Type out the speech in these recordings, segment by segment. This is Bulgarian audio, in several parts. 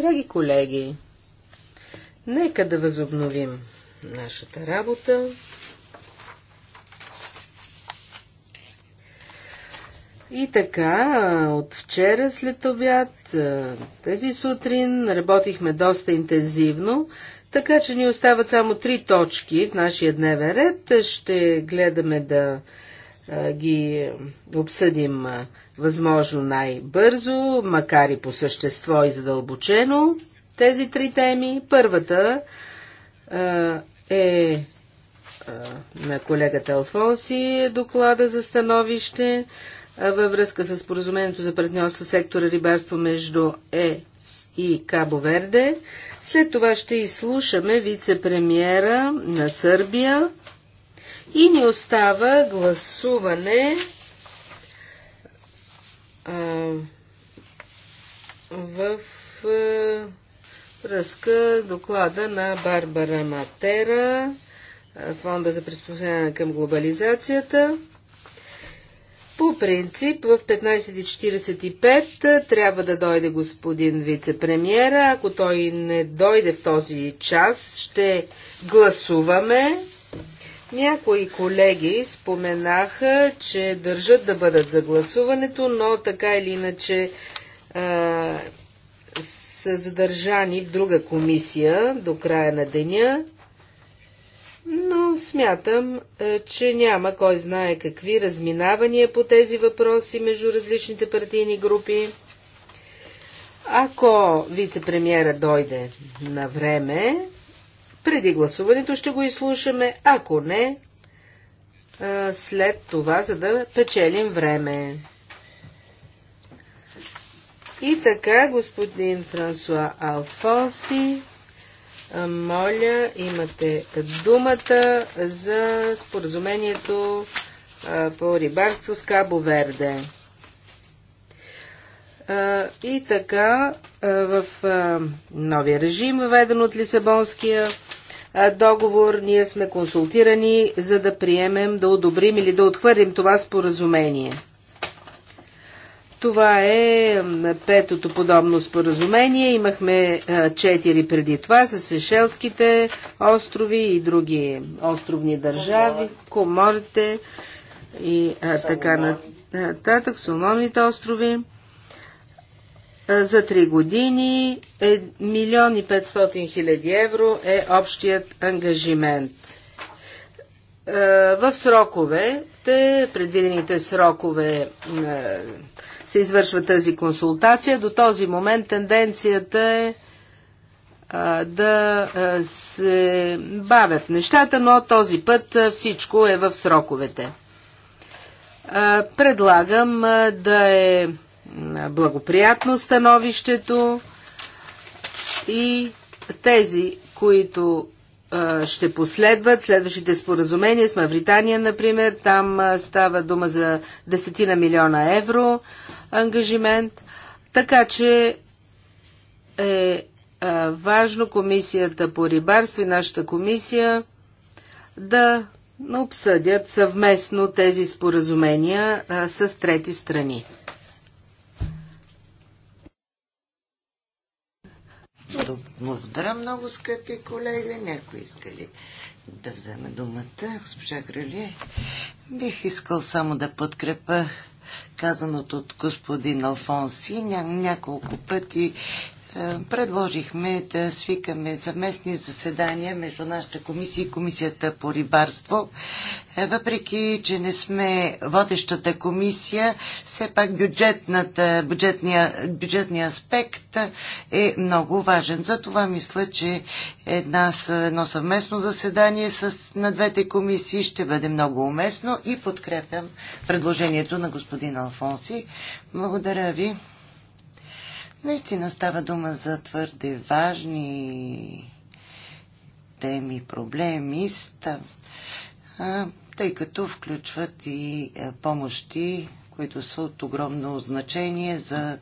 Драги колеги, нека да възобновим нашата работа. И така, от вчера след обяд, тези сутрин работихме доста интензивно, така че ни остават само три точки в нашия дневен ред. Ще гледаме да ги обсъдим възможно най-бързо, макар и по същество и задълбочено тези три теми. Първата е на колегата Алфонси е доклада за становище във връзка с поразумението за партньорство сектора рибарство между ЕС и Кабо Верде. След това ще изслушаме вице-премьера на Сърбия и ни остава гласуване а, в а, връзка доклада на Барбара Матера, Фонда за приспособяване към глобализацията. По принцип в 15.45 трябва да дойде господин вице-премьера. Ако той не дойде в този час, ще гласуваме някои колеги споменаха, че държат да бъдат за гласуването, но така или иначе а, са задържани в друга комисия до края на деня. Но смятам, че няма кой знае какви разминавания по тези въпроси между различните партийни групи. Ако вице дойде на време, преди гласуването ще го изслушаме, ако не, след това, за да печелим време. И така, господин Франсуа Алфонси, моля, имате думата за споразумението по рибарство с Кабо Верде. И така, в новия режим, въведен от Лисабонския договор. Ние сме консултирани, за да приемем, да одобрим или да отхвърлим това споразумение. Това е петото подобно споразумение. Имахме четири преди това с Сешелските острови и други островни държави, Коморите и а, така нататък, Соломоните острови. Е, за 3 години 1 е милион и 500 хиляди евро е общият ангажимент. Е, в сроковете, предвидените срокове се извършва тази консултация. До този момент тенденцията е да се бавят нещата, но този път всичко е в сроковете. Предлагам да е благоприятно становището и тези, които ще последват следващите споразумения с Мавритания, например. Там става дума за десетина милиона евро ангажимент. Така че е важно комисията по рибарство и нашата комисия да обсъдят съвместно тези споразумения с трети страни. Благодаря много, скъпи колеги. Някой иска ли да вземе думата? Госпожа Грали, бих искал само да подкрепа казаното от господин Алфонси. няколко пъти е, предложихме да свикаме съвместни заседания между нашата комисия и комисията по рибарство. Е, въпреки, че не сме водещата комисия, все пак бюджетната, бюджетния, бюджетния аспект е много важен. Затова мисля, че една, едно съвместно заседание с, на двете комисии ще бъде много уместно и подкрепям предложението на господин Алфонси. Благодаря ви. Наистина става дума за твърде важни теми, проблеми, став, а, тъй като включват и помощи, които са от огромно значение за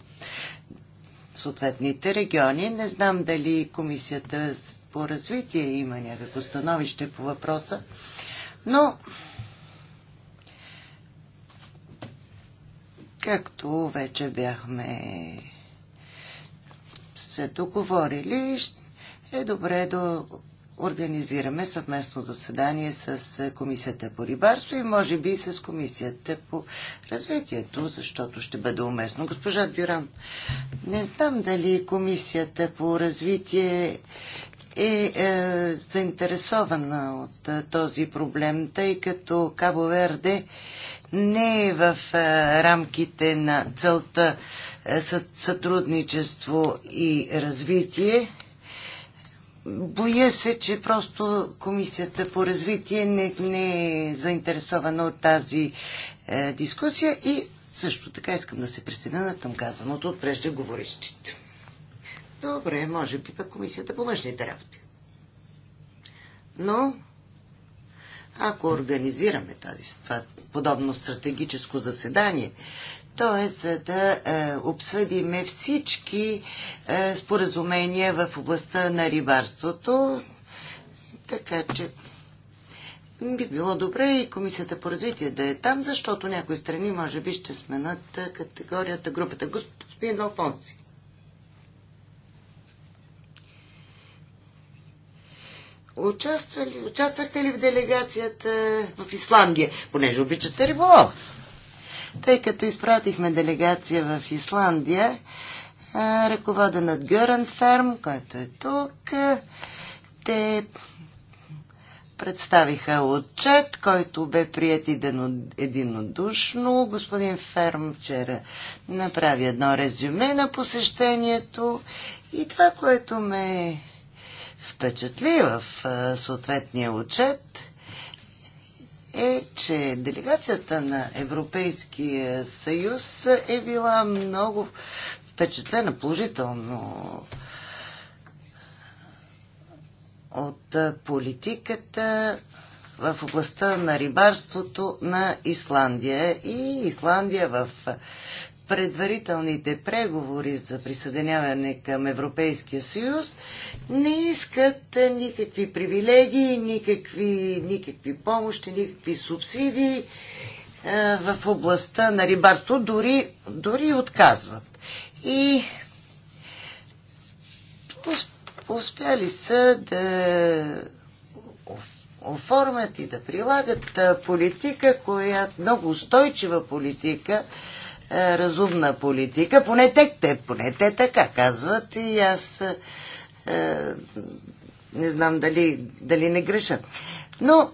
съответните региони. Не знам дали Комисията по развитие има някакво становище по въпроса, но както вече бяхме се договорили, е добре да организираме съвместно заседание с е, Комисията по рибарство и може би с Комисията по развитието, защото ще бъде уместно. Госпожа Дюран, не знам дали Комисията по развитие е, е заинтересована от е, този проблем, тъй като Кабо Верде не е в е, рамките на целта сътрудничество и развитие. Боя се, че просто Комисията по развитие не, не е заинтересована от тази е, дискусия и също така искам да се присъединя към казаното от преждеговорищите. Добре, може би пък Комисията по външните работи. Но ако организираме тази, това подобно стратегическо заседание т.е. за да е, обсъдиме всички е, споразумения в областта на рибарството. Така че би било добре и Комисията по развитие да е там, защото някои страни може би ще сменат е, категорията, групата. Господин Алфонси. участвахте ли в делегацията в Исландия? Понеже обичате риболов. Тъй като изпратихме делегация в Исландия, ръководен от Гюрен Ферм, който е тук, те представиха отчет, който бе прият единодушно. Господин Ферм вчера направи едно резюме на посещението и това, което ме впечатли в съответния отчет – е, че делегацията на Европейския съюз е била много впечатлена положително от политиката в областта на рибарството на Исландия. И Исландия в предварителните преговори за присъединяване към Европейския съюз не искат никакви привилегии, никакви, никакви помощи, никакви субсидии е, в областта на рибарство, дори, дори отказват. И успяли са да оформят и да прилагат политика, която много устойчива политика е, разумна политика. Поне те, те, поне те така казват и аз е, не знам дали, дали не греша. Но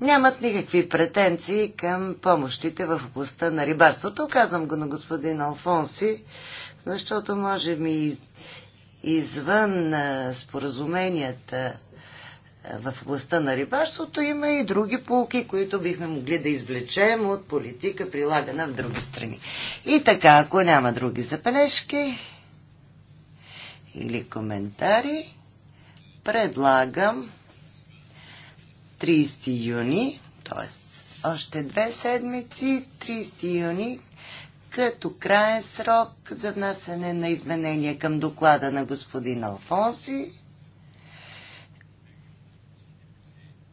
нямат никакви претенции към помощите в областта на рибарството. Казвам го на господин Алфонси, защото може ми извън е, споразуменията в областта на рибарството има и други полки, които бихме могли да извлечем от политика, прилагана в други страни. И така, ако няма други забележки или коментари, предлагам 30 юни, т.е. още две седмици, 30 юни, като краен срок за внасяне на изменения към доклада на господин Алфонси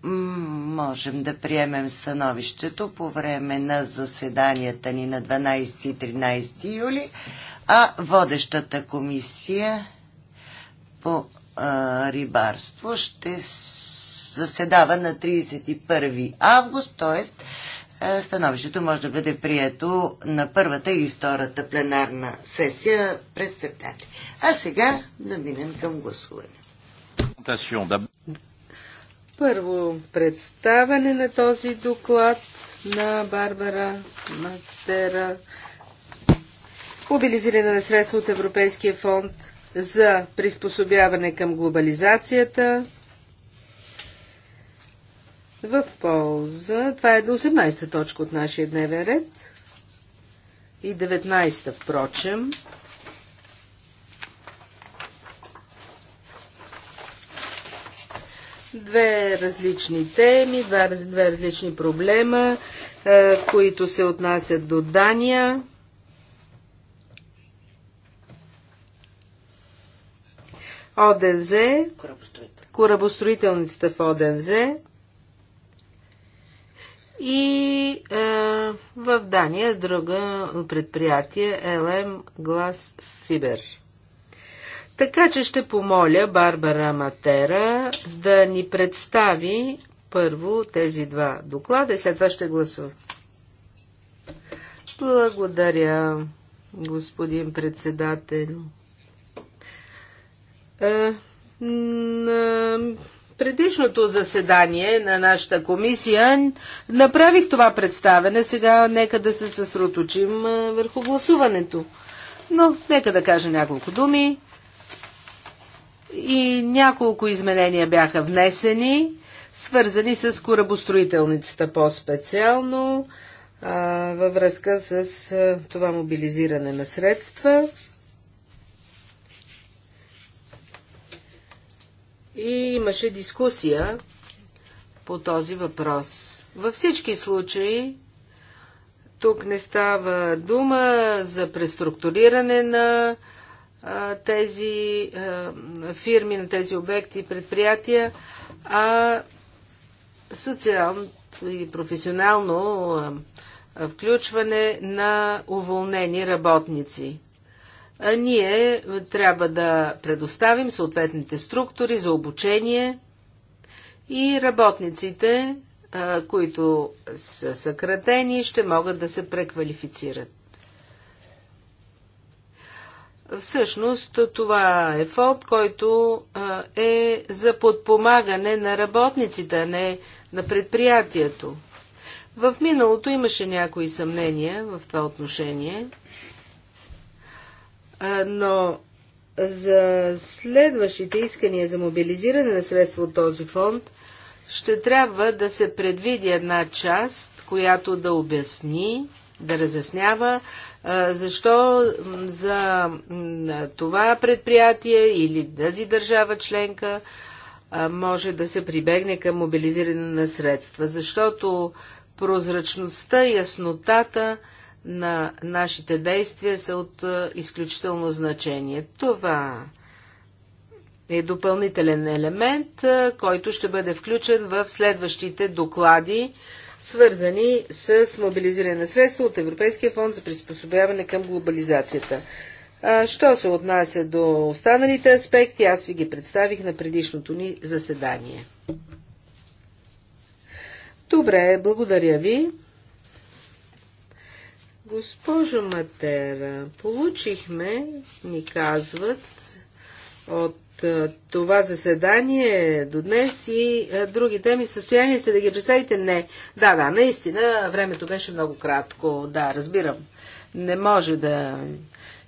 можем да приемем становището по време на заседанията ни на 12 и 13 юли, а водещата комисия по а, рибарство ще заседава на 31 август, т.е. становището може да бъде прието на първата или втората пленарна сесия през септември. А сега да минем към гласуване. Първо представяне на този доклад на Барбара Матера. Мобилизиране на средства от Европейския фонд за приспособяване към глобализацията в полза. Това е до 18-та точка от нашия дневен ред и 19-та, впрочем. Две различни теми, два, две различни проблема, е, които се отнасят до Дания. ОДЗ, корабостроителницата в ОДЗ и е, в Дания друга предприятие ЛМ Глас Фибер. Така че ще помоля Барбара Матера да ни представи първо тези два доклада и след това ще гласувам. Благодаря, господин председател. Е, на предишното заседание на нашата комисия направих това представене. Сега нека да се съсроточим е, върху гласуването. Но нека да кажа няколко думи и няколко изменения бяха внесени, свързани с корабостроителницата по-специално във връзка с а, това мобилизиране на средства. И имаше дискусия по този въпрос. Във всички случаи, тук не става дума за преструктуриране на тези фирми, на тези обекти и предприятия, а социално и професионално включване на уволнени работници. ние трябва да предоставим съответните структури за обучение и работниците, които са съкратени, ще могат да се преквалифицират. Всъщност това е фонд, който е за подпомагане на работниците, а не на предприятието. В миналото имаше някои съмнения в това отношение, но за следващите искания за мобилизиране на средства от този фонд ще трябва да се предвиди една част, която да обясни, да разяснява защо за това предприятие или тази държава членка може да се прибегне към мобилизиране на средства? Защото прозрачността, и яснотата на нашите действия са от изключително значение. Това е допълнителен елемент, който ще бъде включен в следващите доклади свързани с мобилизиране на средства от Европейския фонд за приспособяване към глобализацията. Що се отнася до останалите аспекти, аз ви ги представих на предишното ни заседание. Добре, благодаря ви. Госпожо Матера, получихме, ни казват, от това заседание до днес и други теми. Състояние сте да ги представите? Не. Да, да, наистина времето беше много кратко. Да, разбирам. Не може да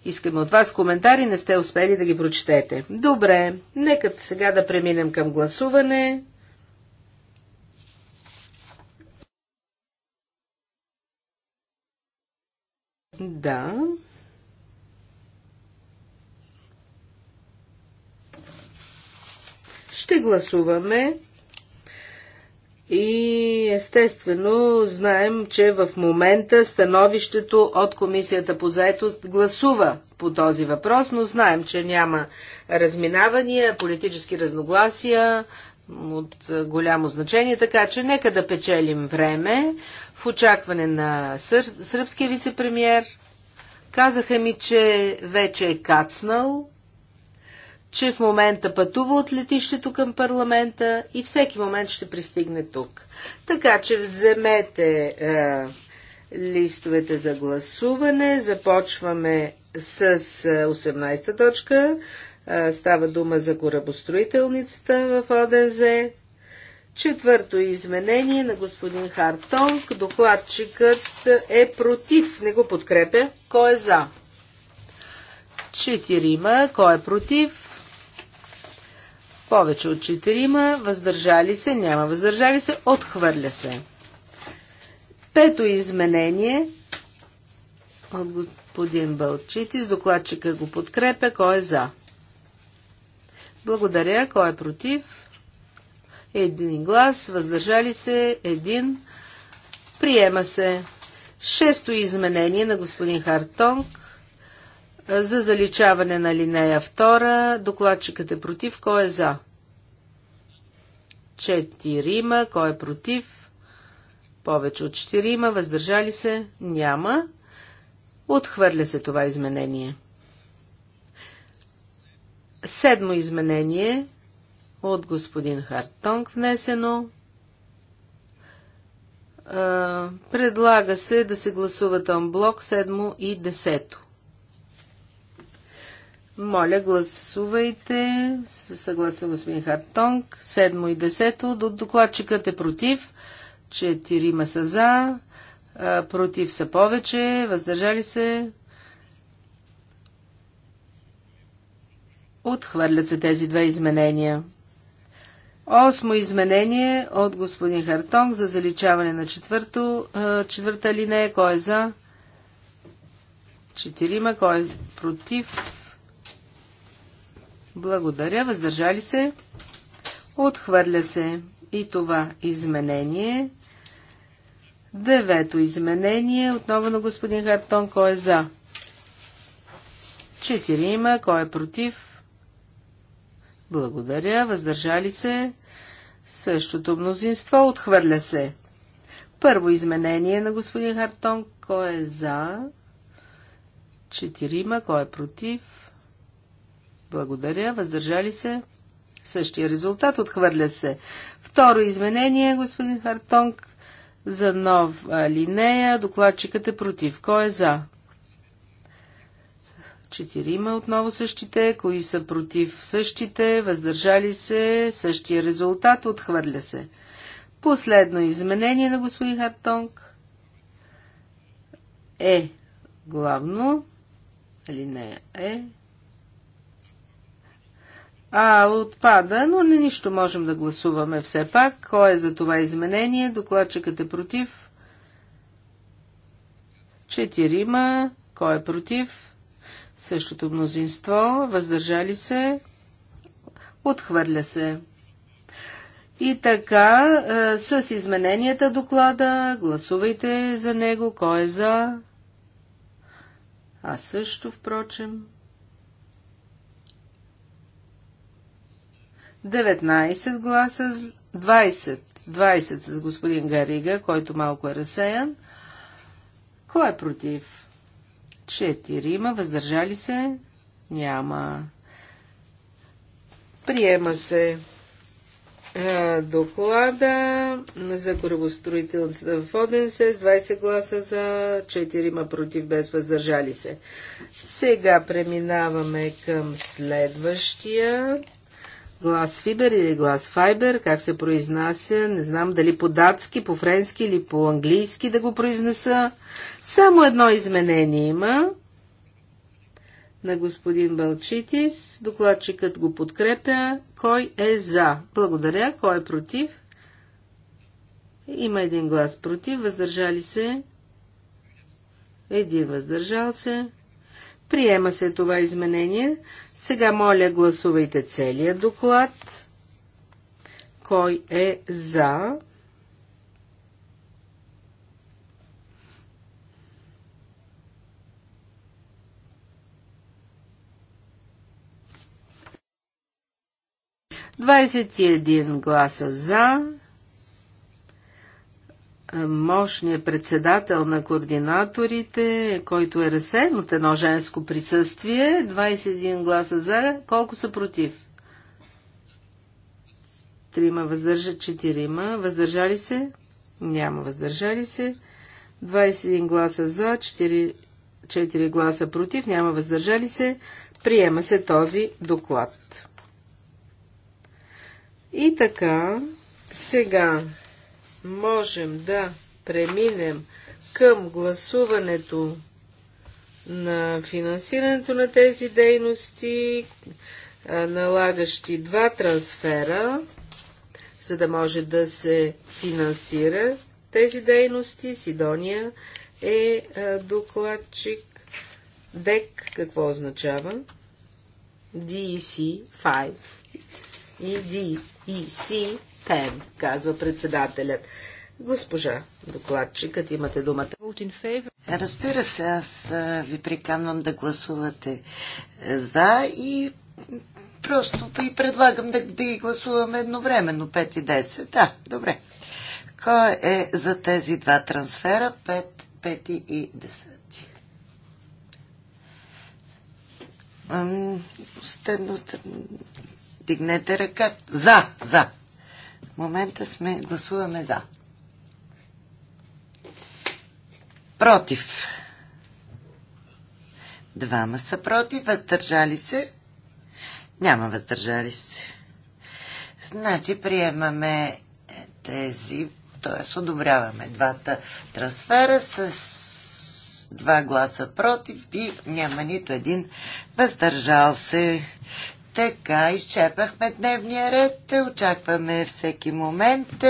искаме от вас коментари, не сте успели да ги прочетете. Добре, нека сега да преминем към гласуване. Да. Ще гласуваме и естествено знаем, че в момента становището от Комисията по заетост гласува по този въпрос, но знаем, че няма разминавания, политически разногласия от голямо значение, така че нека да печелим време в очакване на сър... сръбския вице Казаха ми, че вече е кацнал че в момента пътува от летището към парламента и всеки момент ще пристигне тук. Така че вземете е, листовете за гласуване. Започваме с 18-та е, точка. Е, става дума за корабостроителницата в ОДЗ. Четвърто изменение на господин Хартонг. Докладчикът е против. Не го подкрепя. Кой е за? Четирима. Кой е против? повече от 4, въздържали се, няма въздържали се, отхвърля се. Пето изменение от господин Бълчитис, докладчика го подкрепя, кой е за? Благодаря, кой е против? Един глас, въздържали се, един. Приема се. Шесто изменение на господин Хартонг за заличаване на линея 2. Докладчикът е против. Кой е за? Четирима. Кой е против? Повече от четирима. Въздържали се? Няма. Отхвърля се това изменение. Седмо изменение от господин Хартонг внесено. Предлага се да се гласуват блок 7 и 10. Моля, гласувайте. Съгласен господин Хартонг. Седмо и десето. До докладчикът е против. Четирима са за. Против са повече. Въздържали се. Отхвърлят се тези две изменения. Осмо изменение от господин Хартонг за заличаване на четвърто, четвърта линия. Кой е за? Четирима. Кой е против? Благодаря. Въздържали се? Отхвърля се и това изменение. Девето изменение. Отново на господин Хартон. Кой е за? Четири има. Кой е против? Благодаря. Въздържали се? Същото мнозинство. Отхвърля се. Първо изменение на господин Хартон. Кой е за? Четирима. Кой е против? Благодаря. Въздържали се? Същия резултат. Отхвърля се. Второ изменение, господин Хартонг, за нов линея. Докладчикът е против. Кой е за? Четирима отново същите. Кои са против същите? Въздържали се? Същия резултат. Отхвърля се. Последно изменение на господин Хартонг е главно. Линея е а, отпада, но не нищо можем да гласуваме все пак. Кой е за това изменение? Докладчикът е против. Четирима. Кой е против? Същото мнозинство. Въздържали се. Отхвърля се. И така, с измененията доклада, гласувайте за него, кой е за. А също, впрочем. 19 гласа, 20, 20 с господин Гарига, който малко е разсеян. Кой е против? 4 има, въздържали се? Няма. Приема се доклада за корабостроителната в Оденсе с 20 гласа за 4 има против без въздържали се. Сега преминаваме към следващия глас фибер или глас файбер, как се произнася, не знам дали по-датски, по-френски или по-английски да го произнеса. Само едно изменение има на господин Балчитис. Докладчикът го подкрепя. Кой е за? Благодаря. Кой е против? Има един глас против. Въздържали се? Един въздържал се. Приема се това изменение. Сега моля гласувайте целия доклад. Кой е за? Двадесет и един гласа за мощния председател на координаторите, който е разсен от едно женско присъствие, 21 гласа за, колко са против? Трима въздържа четирима. Въздържали се? Няма въздържали се. 21 гласа за, 4, 4 гласа против, няма въздържали се. Приема се този доклад. И така, сега можем да преминем към гласуването на финансирането на тези дейности, налагащи два трансфера, за да може да се финансира тези дейности. Сидония е докладчик. ДЕК какво означава? DEC 5 и DEC пеем, казва председателят. Госпожа докладчикът, имате думата. Разбира се, аз ви приканвам да гласувате е, за и просто ви предлагам да, да ги гласуваме едновременно, 5 и 10. Да, добре. Кой е за тези два трансфера, 5, 5 и 10? Стедно, стедно, дигнете ръка. За, за момента сме гласуваме за. Против. Двама са против, въздържали се. Няма въздържали се. Значи приемаме тези, т.е. одобряваме двата трансфера с два гласа против и няма нито един въздържал се. Така, изчерпахме дневния ред. Очакваме всеки момент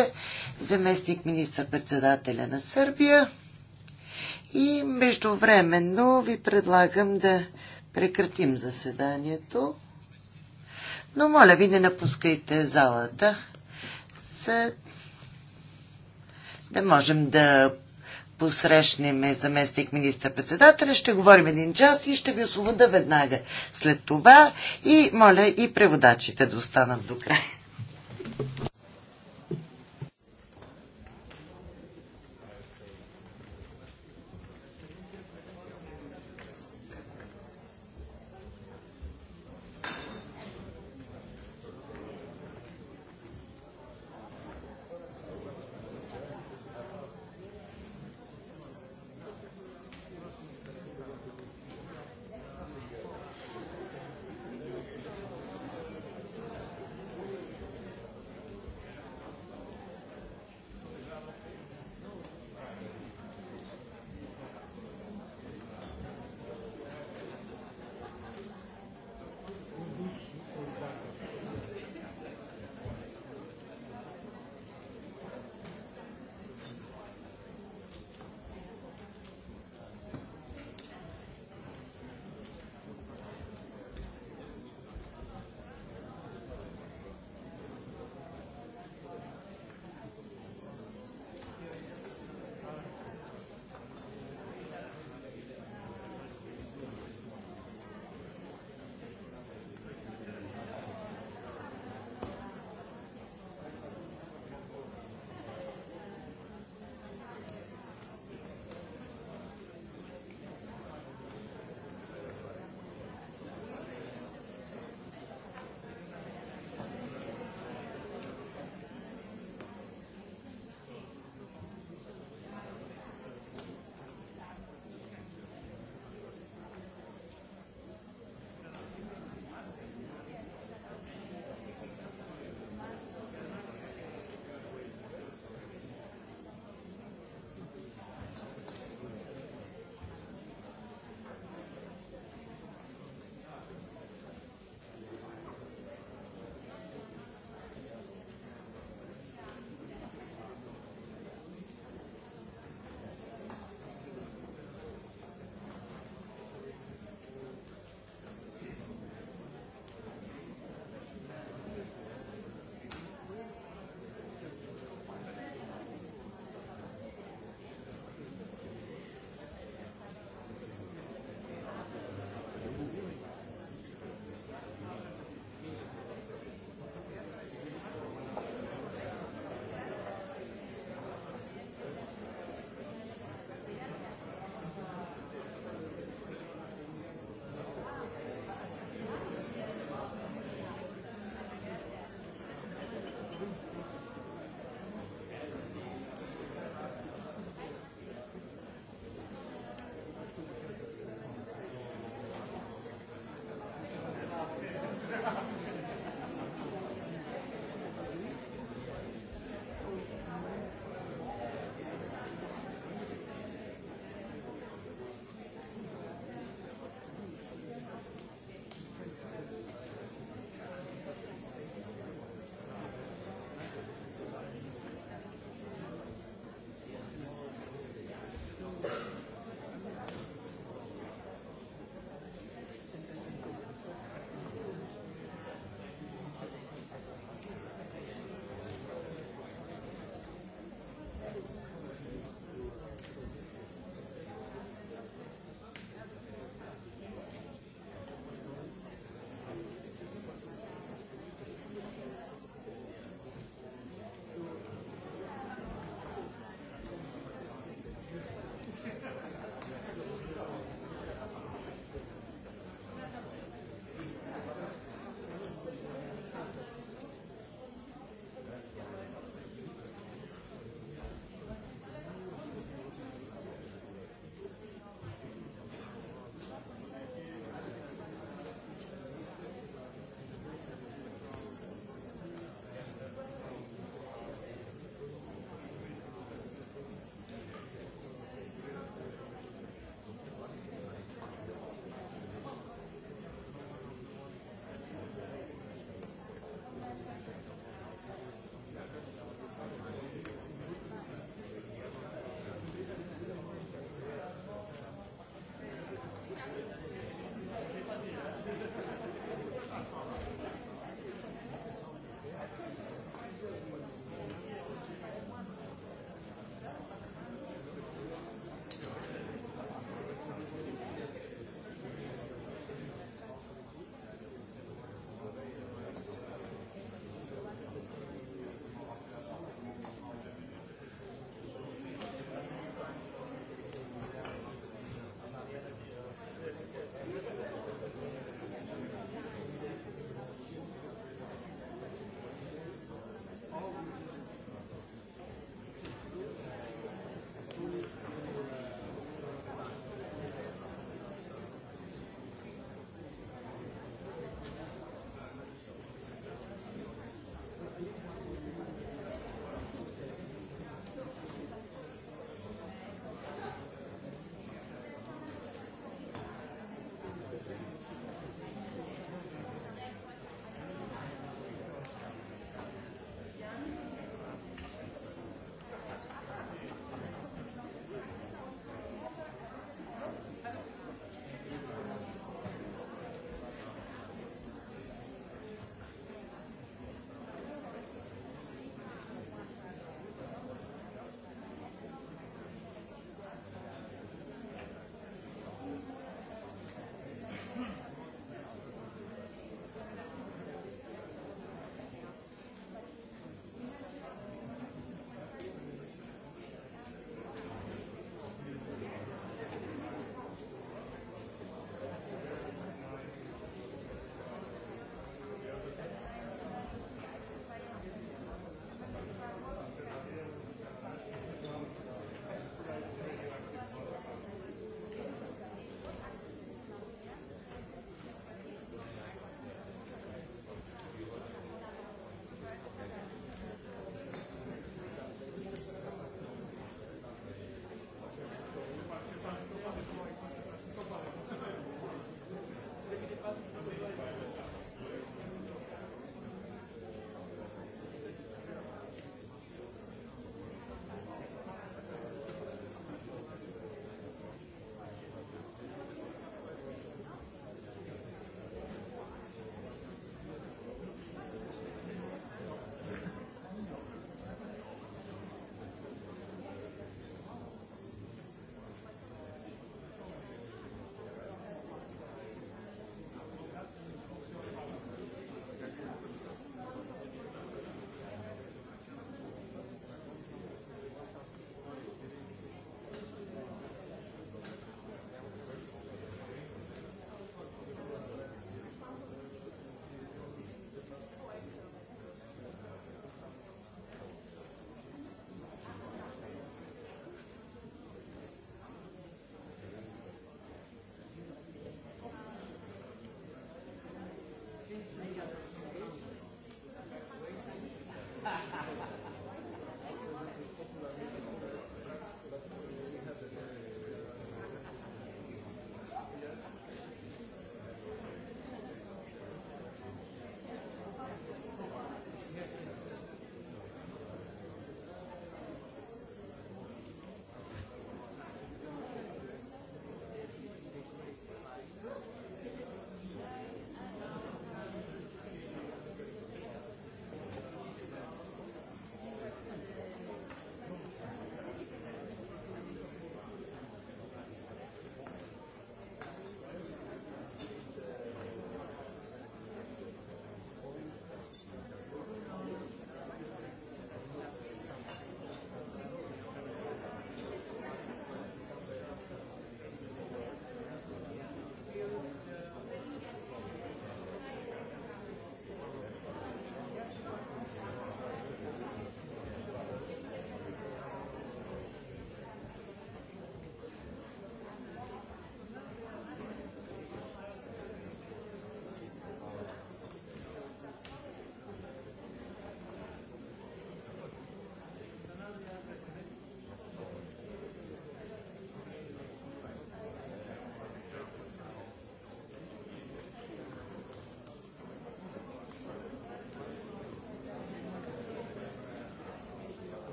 заместник министър-председателя на Сърбия. И междувременно ви предлагам да прекратим заседанието. Но моля ви, не напускайте залата, за да можем да посрещнем заместник министър-председателя, ще говорим един час и ще ви освобода веднага след това и моля и преводачите да останат до края.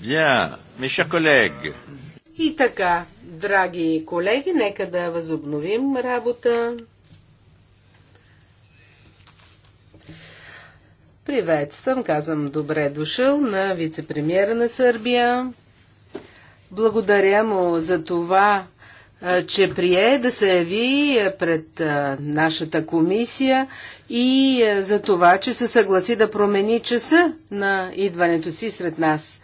Bien, mes chers collègues. И така, драги колеги, нека да възобновим работа. Приветствам, казвам добре дошъл на вице-премьера на Сърбия. Благодаря му за това, че прие да се яви пред нашата комисия и за това, че се съгласи да промени часа на идването си сред нас.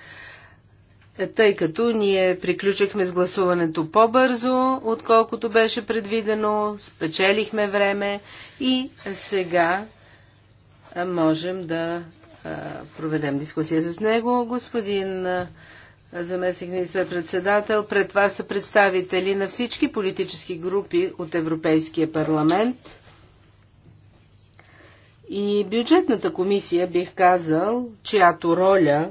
Е, тъй като ние приключихме с гласуването по-бързо, отколкото беше предвидено, спечелихме време и сега можем да проведем дискусия с него. Господин заместник министър-председател. Пред вас са представители на всички политически групи от Европейския парламент. И бюджетната комисия, бих казал, чиято роля,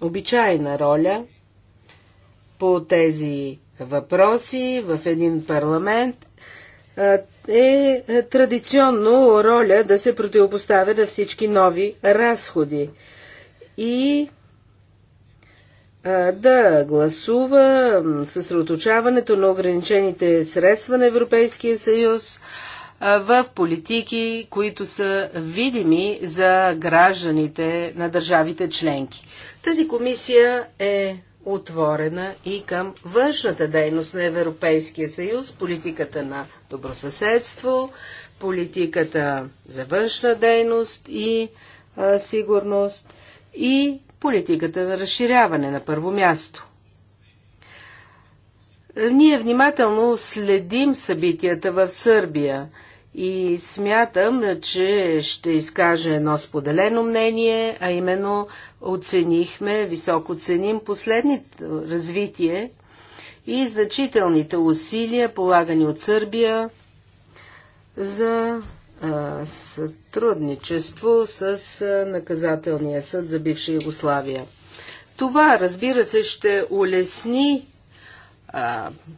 обичайна роля, по тези въпроси в един парламент е традиционно роля да се противопоставя на всички нови разходи. И да гласува съсредоточаването на ограничените средства на Европейския съюз в политики, които са видими за гражданите на държавите членки. Тази комисия е отворена и към външната дейност на Европейския съюз, политиката на добросъседство, политиката за външна дейност и а, сигурност и политиката на разширяване на първо място. Ние внимателно следим събитията в Сърбия и смятам, че ще изкаже едно споделено мнение, а именно оценихме, високо ценим последните развитие и значителните усилия, полагани от Сърбия за сътрудничество с наказателния съд за бивша Югославия. Това, разбира се, ще улесни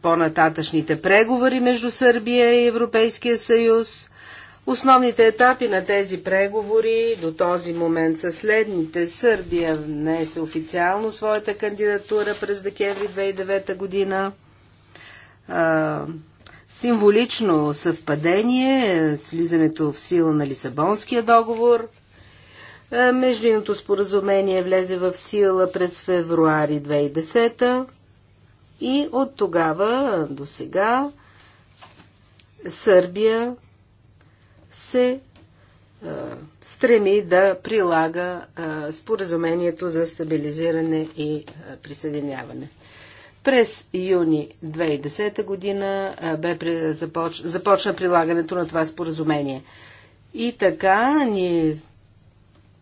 по-нататъчните преговори между Сърбия и Европейския съюз. Основните етапи на тези преговори до този момент са следните. Сърбия внесе официално своята кандидатура през декември 2009 година символично съвпадение слизането в сила на Лисабонския договор. Е, Междинното споразумение влезе в сила през февруари 2010 и от тогава до сега Сърбия се е, стреми да прилага е, споразумението за стабилизиране и присъединяване. През юни 2010 година бе започ... започна прилагането на това споразумение. И така ни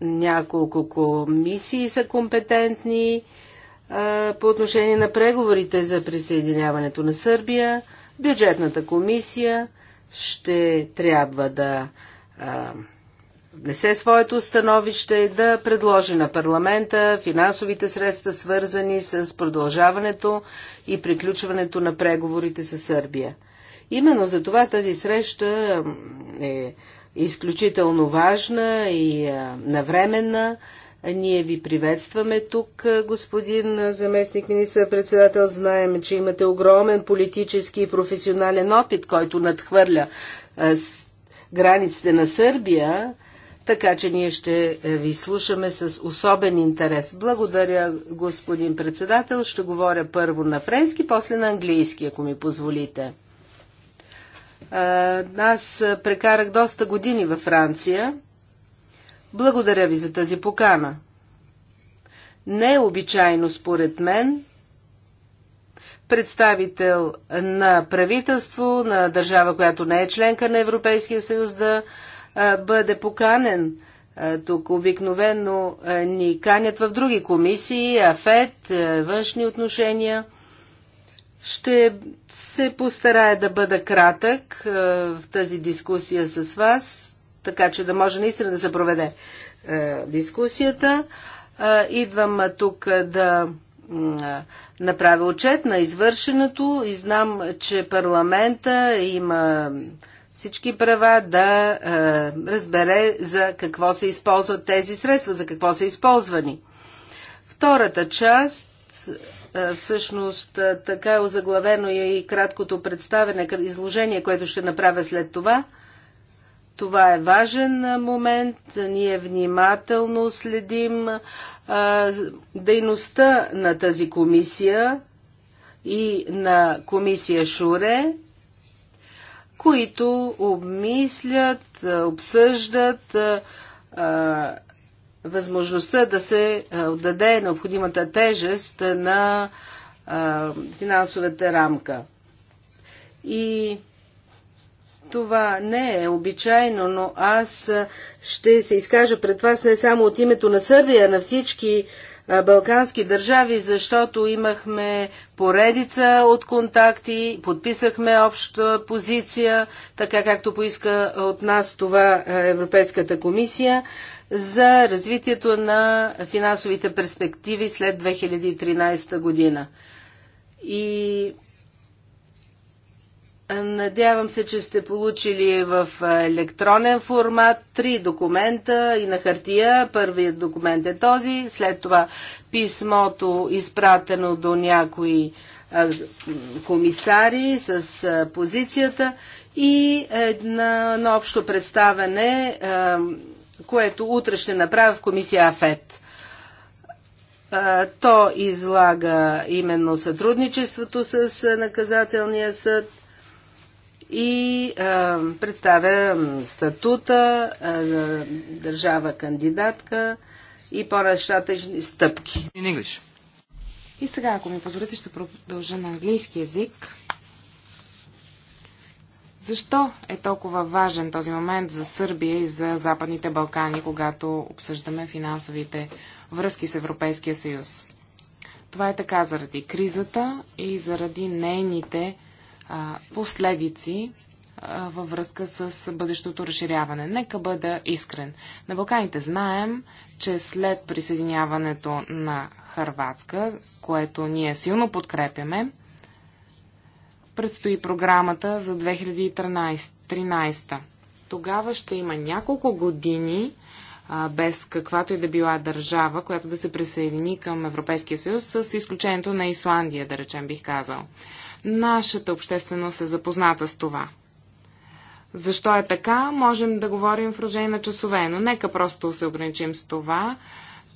няколко комисии са компетентни а, по отношение на преговорите за присъединяването на Сърбия. Бюджетната комисия ще трябва да а, внесе своето становище и да предложи на парламента финансовите средства, свързани с продължаването и приключването на преговорите с Сърбия. Именно за това тази среща е изключително важна и навременна. Ние ви приветстваме тук, господин заместник министър-председател. Знаем, че имате огромен политически и професионален опит, който надхвърля границите на Сърбия така че ние ще е, ви слушаме с особен интерес. Благодаря, господин председател. Ще говоря първо на френски, после на английски, ако ми позволите. Аз прекарах доста години във Франция. Благодаря ви за тази покана. Не е обичайно, според мен, представител на правителство, на държава, която не е членка на Европейския съюз, да бъде поканен тук. Обикновено ни канят в други комисии, АФЕТ, външни отношения. Ще се постарая да бъда кратък в тази дискусия с вас, така че да може наистина да се проведе дискусията. Идвам тук да направя отчет на извършеното и знам, че парламента има всички права, да е, разбере за какво се използват тези средства, за какво са използвани. Втората част, е, всъщност е, така е озаглавено и краткото представене, изложение, което ще направя след това. Това е важен е, момент. Ние внимателно следим е, дейността на тази комисия и на комисия Шуре които обмислят, обсъждат а, възможността да се отдаде необходимата тежест на а, финансовата рамка. И това не е обичайно, но аз ще се изкажа пред вас не само от името на Сърбия, а на всички балкански държави, защото имахме поредица от контакти, подписахме обща позиция, така както поиска от нас това Европейската комисия за развитието на финансовите перспективи след 2013 година. И Надявам се, че сте получили в електронен формат три документа и на хартия. Първият документ е този, след това писмото изпратено до някои комисари с позицията и на, на общо представене, което утре ще направя в комисия АФЕТ. То излага именно сътрудничеството с наказателния съд и а, представя статута, а, държава кандидатка и по-нащатъчни стъпки. In English. И сега, ако ми позволите, ще продължа на английски язик. Защо е толкова важен този момент за Сърбия и за Западните Балкани, когато обсъждаме финансовите връзки с Европейския съюз? Това е така заради кризата и заради нейните последици във връзка с бъдещото разширяване. Нека бъда искрен. На Балканите знаем, че след присъединяването на Харватска, което ние силно подкрепяме, предстои програмата за 2013. Тогава ще има няколко години, без каквато и да била държава, която да се присъедини към Европейския съюз, с изключението на Исландия, да речем, бих казал. Нашата общественост е запозната с това. Защо е така, можем да говорим в продължение на часове, но нека просто се ограничим с това,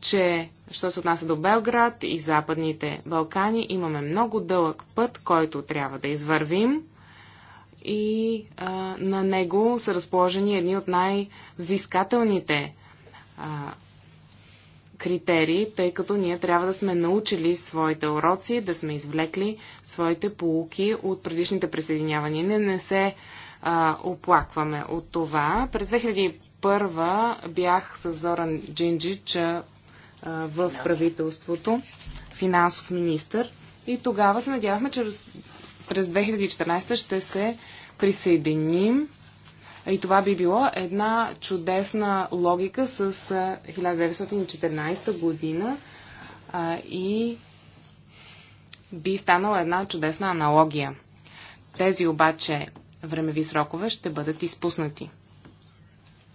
че, що се отнася до Белград и Западните Балкани, имаме много дълъг път, който трябва да извървим и а, на него са разположени едни от най-взискателните а, критерии, тъй като ние трябва да сме научили своите уроци, да сме извлекли своите полуки от предишните присъединявания. Не, не се а, оплакваме от това. През 2001 бях с Зоран Джинджич а, в правителството, финансов министр. И тогава се надявахме, че през 2014 ще се присъединим и това би било една чудесна логика с 1914 година а, и би станала една чудесна аналогия. Тези обаче времеви срокове ще бъдат изпуснати.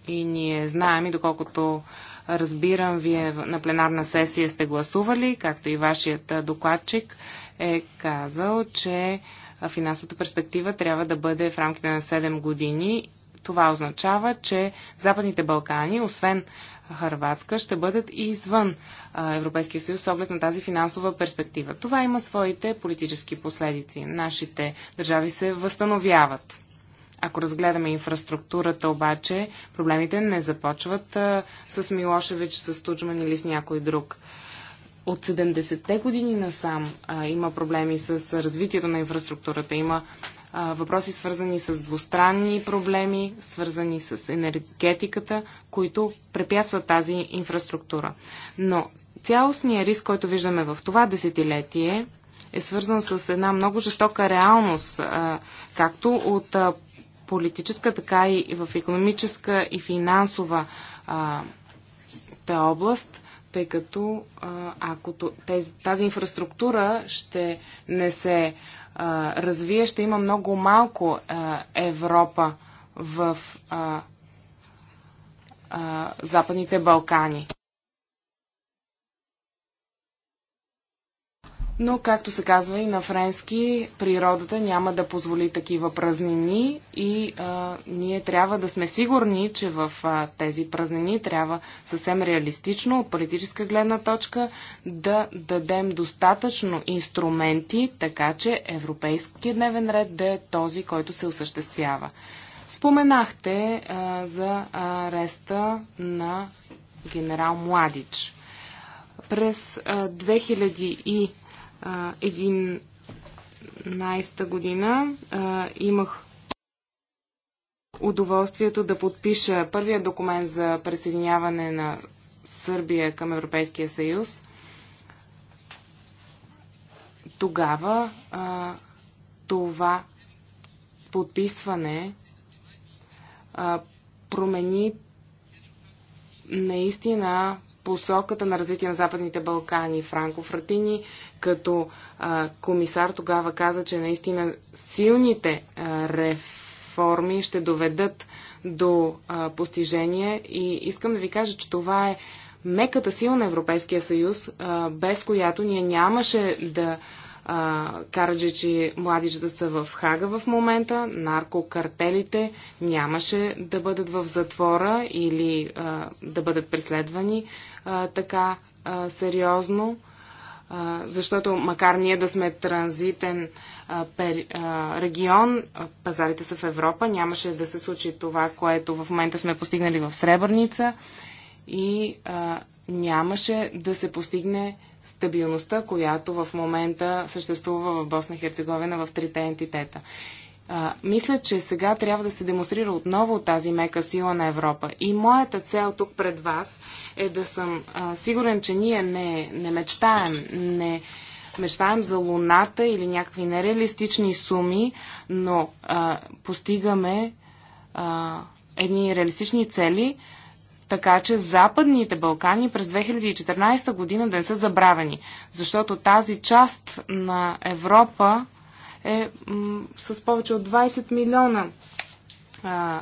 И ние знаем и доколкото разбирам, вие на пленарна сесия сте гласували, както и вашият докладчик е казал, че финансовата перспектива трябва да бъде в рамките на 7 години това означава, че Западните Балкани, освен Харватска, ще бъдат и извън Европейския съюз с оглед на тази финансова перспектива. Това има своите политически последици. Нашите държави се възстановяват. Ако разгледаме инфраструктурата обаче, проблемите не започват а, с Милошевич, с Туджман или с някой друг. От 70-те години насам а, има проблеми с развитието на инфраструктурата. Има въпроси, свързани с двустранни проблеми, свързани с енергетиката, които препятстват тази инфраструктура. Но цялостният риск, който виждаме в това десетилетие, е свързан с една много жестока реалност, както от политическа, така и в економическа и финансова област, тъй като ако тази инфраструктура ще не се развие, ще има много малко а, Европа в а, а, Западните Балкани. Но, както се казва и на френски, природата няма да позволи такива празнини и а, ние трябва да сме сигурни, че в а, тези празнини трябва съвсем реалистично, от политическа гледна точка, да дадем достатъчно инструменти, така че европейският дневен ред да е този, който се осъществява. Споменахте а, за ареста на генерал Младич. През а, 2011 година а, имах удоволствието да подпиша първия документ за присъединяване на Сърбия към Европейския съюз. Тогава а, това подписване а, промени наистина посоката на развитие на Западните Балкани. Франко Фратини като а, комисар тогава каза, че наистина силните а, реформи ще доведат до а, постижение и искам да ви кажа, че това е меката сила на Европейския съюз, а, без която ние нямаше да Караджичи да са в Хага в момента, наркокартелите нямаше да бъдат в затвора или а, да бъдат преследвани а, така а, сериозно, а, защото макар ние да сме транзитен а, пер, а, регион, пазарите са в Европа, нямаше да се случи това, което в момента сме постигнали в Сребърница и а, нямаше да се постигне стабилността, която в момента съществува в Босна и Херцеговина в трите ентитета. А, мисля, че сега трябва да се демонстрира отново тази мека сила на Европа. И моята цел тук пред вас е да съм а, сигурен, че ние не, не мечтаем, не мечтаем за луната или някакви нереалистични суми, но а, постигаме а, едни реалистични цели, така че Западните Балкани през 2014 година да не са забравени. Защото тази част на Европа е с повече от 20 милиона а,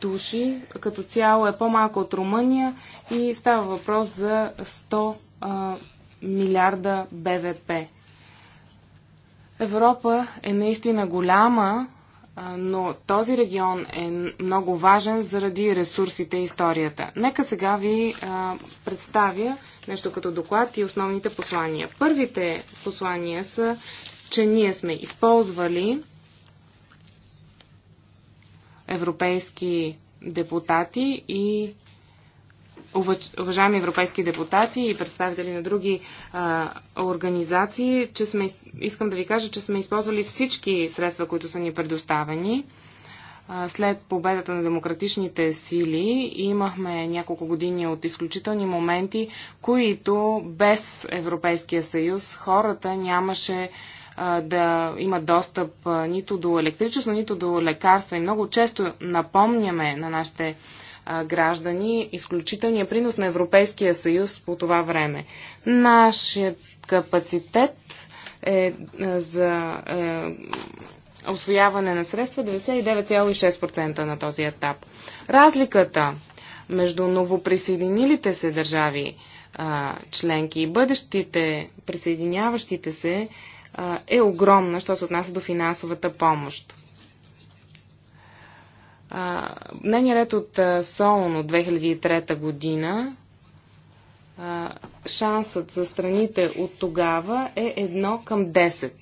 души, като цяло е по-малко от Румъния и става въпрос за 100 а, милиарда БВП. Европа е наистина голяма, но този регион е много важен заради ресурсите и историята. Нека сега ви а, представя нещо като доклад и основните послания. Първите послания са че ние сме използвали европейски депутати и уважаеми европейски депутати и представители на други а, организации, че сме, искам да ви кажа, че сме използвали всички средства, които са ни предоставени. А, след победата на демократичните сили имахме няколко години от изключителни моменти, които без Европейския съюз хората нямаше да имат достъп нито до електричество, нито до лекарства. И много често напомняме на нашите граждани изключителния принос на Европейския съюз по това време. Нашият капацитет е, е за е, освояване на средства 99,6% на този етап. Разликата между новоприсъединилите се държави членки и бъдещите присъединяващите се е огромна, що се отнася до финансовата помощ. Дневният ред от Солон от 2003 година шансът за страните от тогава е 1 към 10.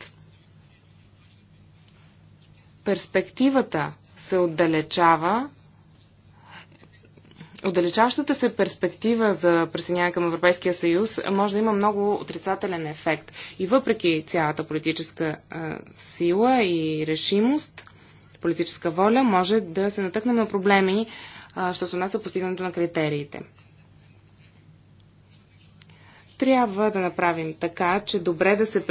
Перспективата се отдалечава Отдалечащата се перспектива за присъединяване към Европейския съюз може да има много отрицателен ефект. И въпреки цялата политическа а, сила и решимост, политическа воля, може да се натъкнем на проблеми, а, що се отнася постигането на критериите трябва да направим така, че добре да се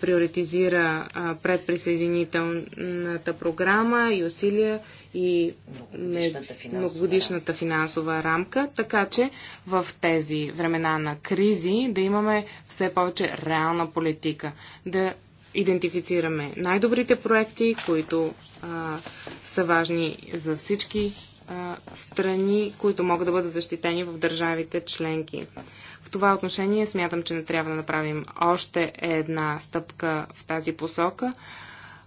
приоритизира предприсъединителната програма и усилия и многогодишната финансова, многогодишната финансова рамка, така че в тези времена на кризи да имаме все повече реална политика, да идентифицираме най-добрите проекти, които а, са важни за всички страни, които могат да бъдат защитени в държавите членки. В това отношение смятам, че не трябва да направим още една стъпка в тази посока.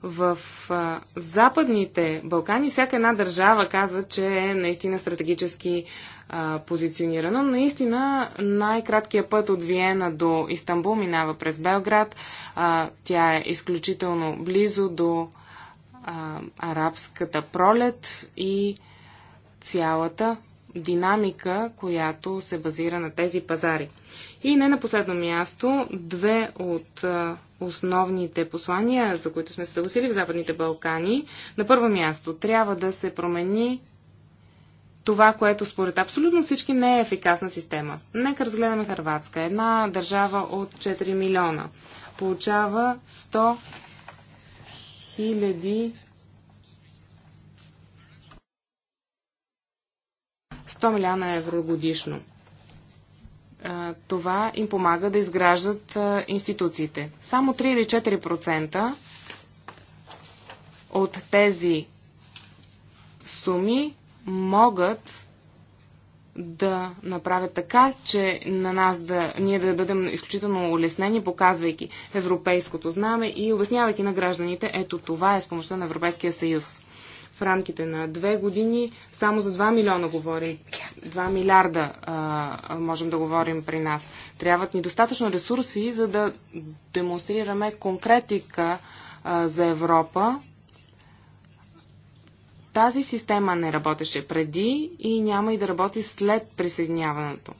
В а, Западните Балкани всяка една държава казва, че е наистина стратегически а, позиционирана. Наистина най-краткият път от Виена до Истанбул минава през Белград. А, тя е изключително близо до а, арабската пролет и цялата динамика, която се базира на тези пазари. И не на последно място, две от основните послания, за които сме се съгласили в Западните Балкани. На първо място, трябва да се промени това, което според абсолютно всички не е ефикасна система. Нека разгледаме Харватска. Една държава от 4 милиона получава 100 хиляди 100 милиона евро годишно. Това им помага да изграждат институциите. Само 3 или 4% от тези суми могат да направят така, че на нас да, ние да бъдем изключително улеснени, показвайки европейското знаме и обяснявайки на гражданите, ето това е с помощта на Европейския съюз в рамките на две години само за 2 милиона говорим. 2 милиарда а, можем да говорим при нас. Трябват ни достатъчно ресурси, за да демонстрираме конкретика а, за Европа. Тази система не работеше преди и няма и да работи след присъединяването.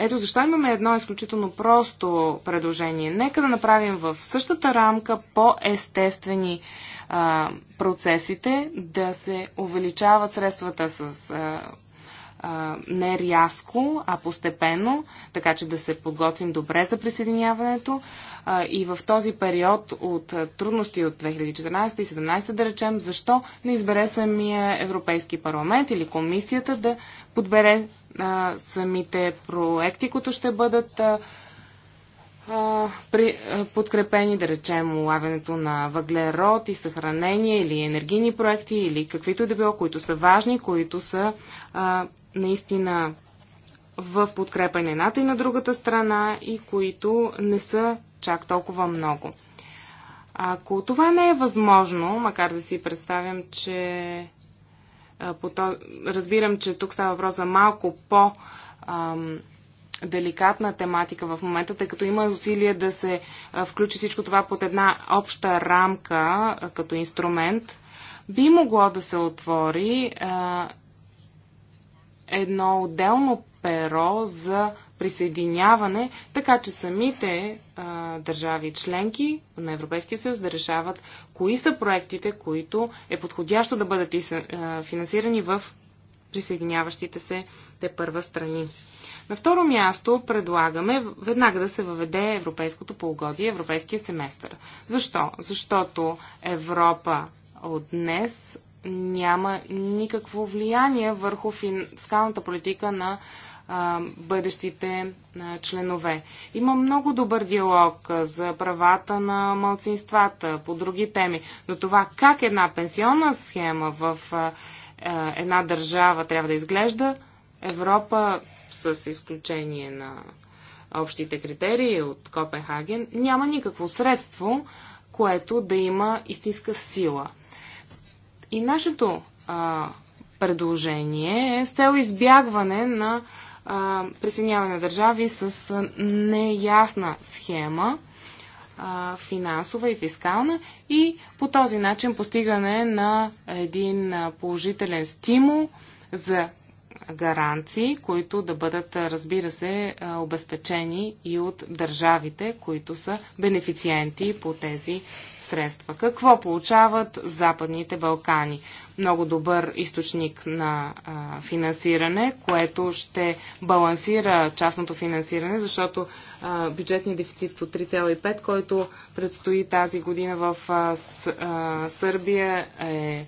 Ето защо имаме едно изключително просто предложение. Нека да направим в същата рамка по-естествени а, процесите, да се увеличават средствата с а, а, не рязко, а постепенно, така че да се подготвим добре за присъединяването. А, и в този период от трудности от 2014 и 2017, да речем, защо не избере самия Европейски парламент или комисията да подбере а, самите проекти, които ще бъдат. А, при, подкрепени, да речем, улавянето на въглерод и съхранение или енергийни проекти или каквито и да било, които са важни, които са а, наистина в подкрепа на едната и на другата страна и които не са чак толкова много. Ако това не е възможно, макар да си представям, че а, по то, разбирам, че тук става въпрос за малко по- ам, деликатна тематика в момента, тъй като има усилие да се включи всичко това под една обща рамка като инструмент, би могло да се отвори а, едно отделно перо за присъединяване, така че самите а, държави членки на Европейския съюз да решават кои са проектите, които е подходящо да бъдат и, а, финансирани в присъединяващите се те първа страни. На второ място предлагаме веднага да се въведе европейското полугодие, европейския семестър. Защо? Защото Европа от днес няма никакво влияние върху фискалната политика на бъдещите членове. Има много добър диалог за правата на малцинствата по други теми, но това как една пенсионна схема в една държава трябва да изглежда, Европа с изключение на общите критерии от Копенхаген, няма никакво средство, което да има истинска сила. И нашето а, предложение е с цел избягване на присъединяване на държави с неясна схема, а, финансова и фискална, и по този начин постигане на един положителен стимул за гаранции, които да бъдат, разбира се, обезпечени и от държавите, които са бенефициенти по тези средства. Какво получават Западните Балкани? Много добър източник на финансиране, което ще балансира частното финансиране, защото бюджетният дефицит от 3,5, който предстои тази година в Сърбия е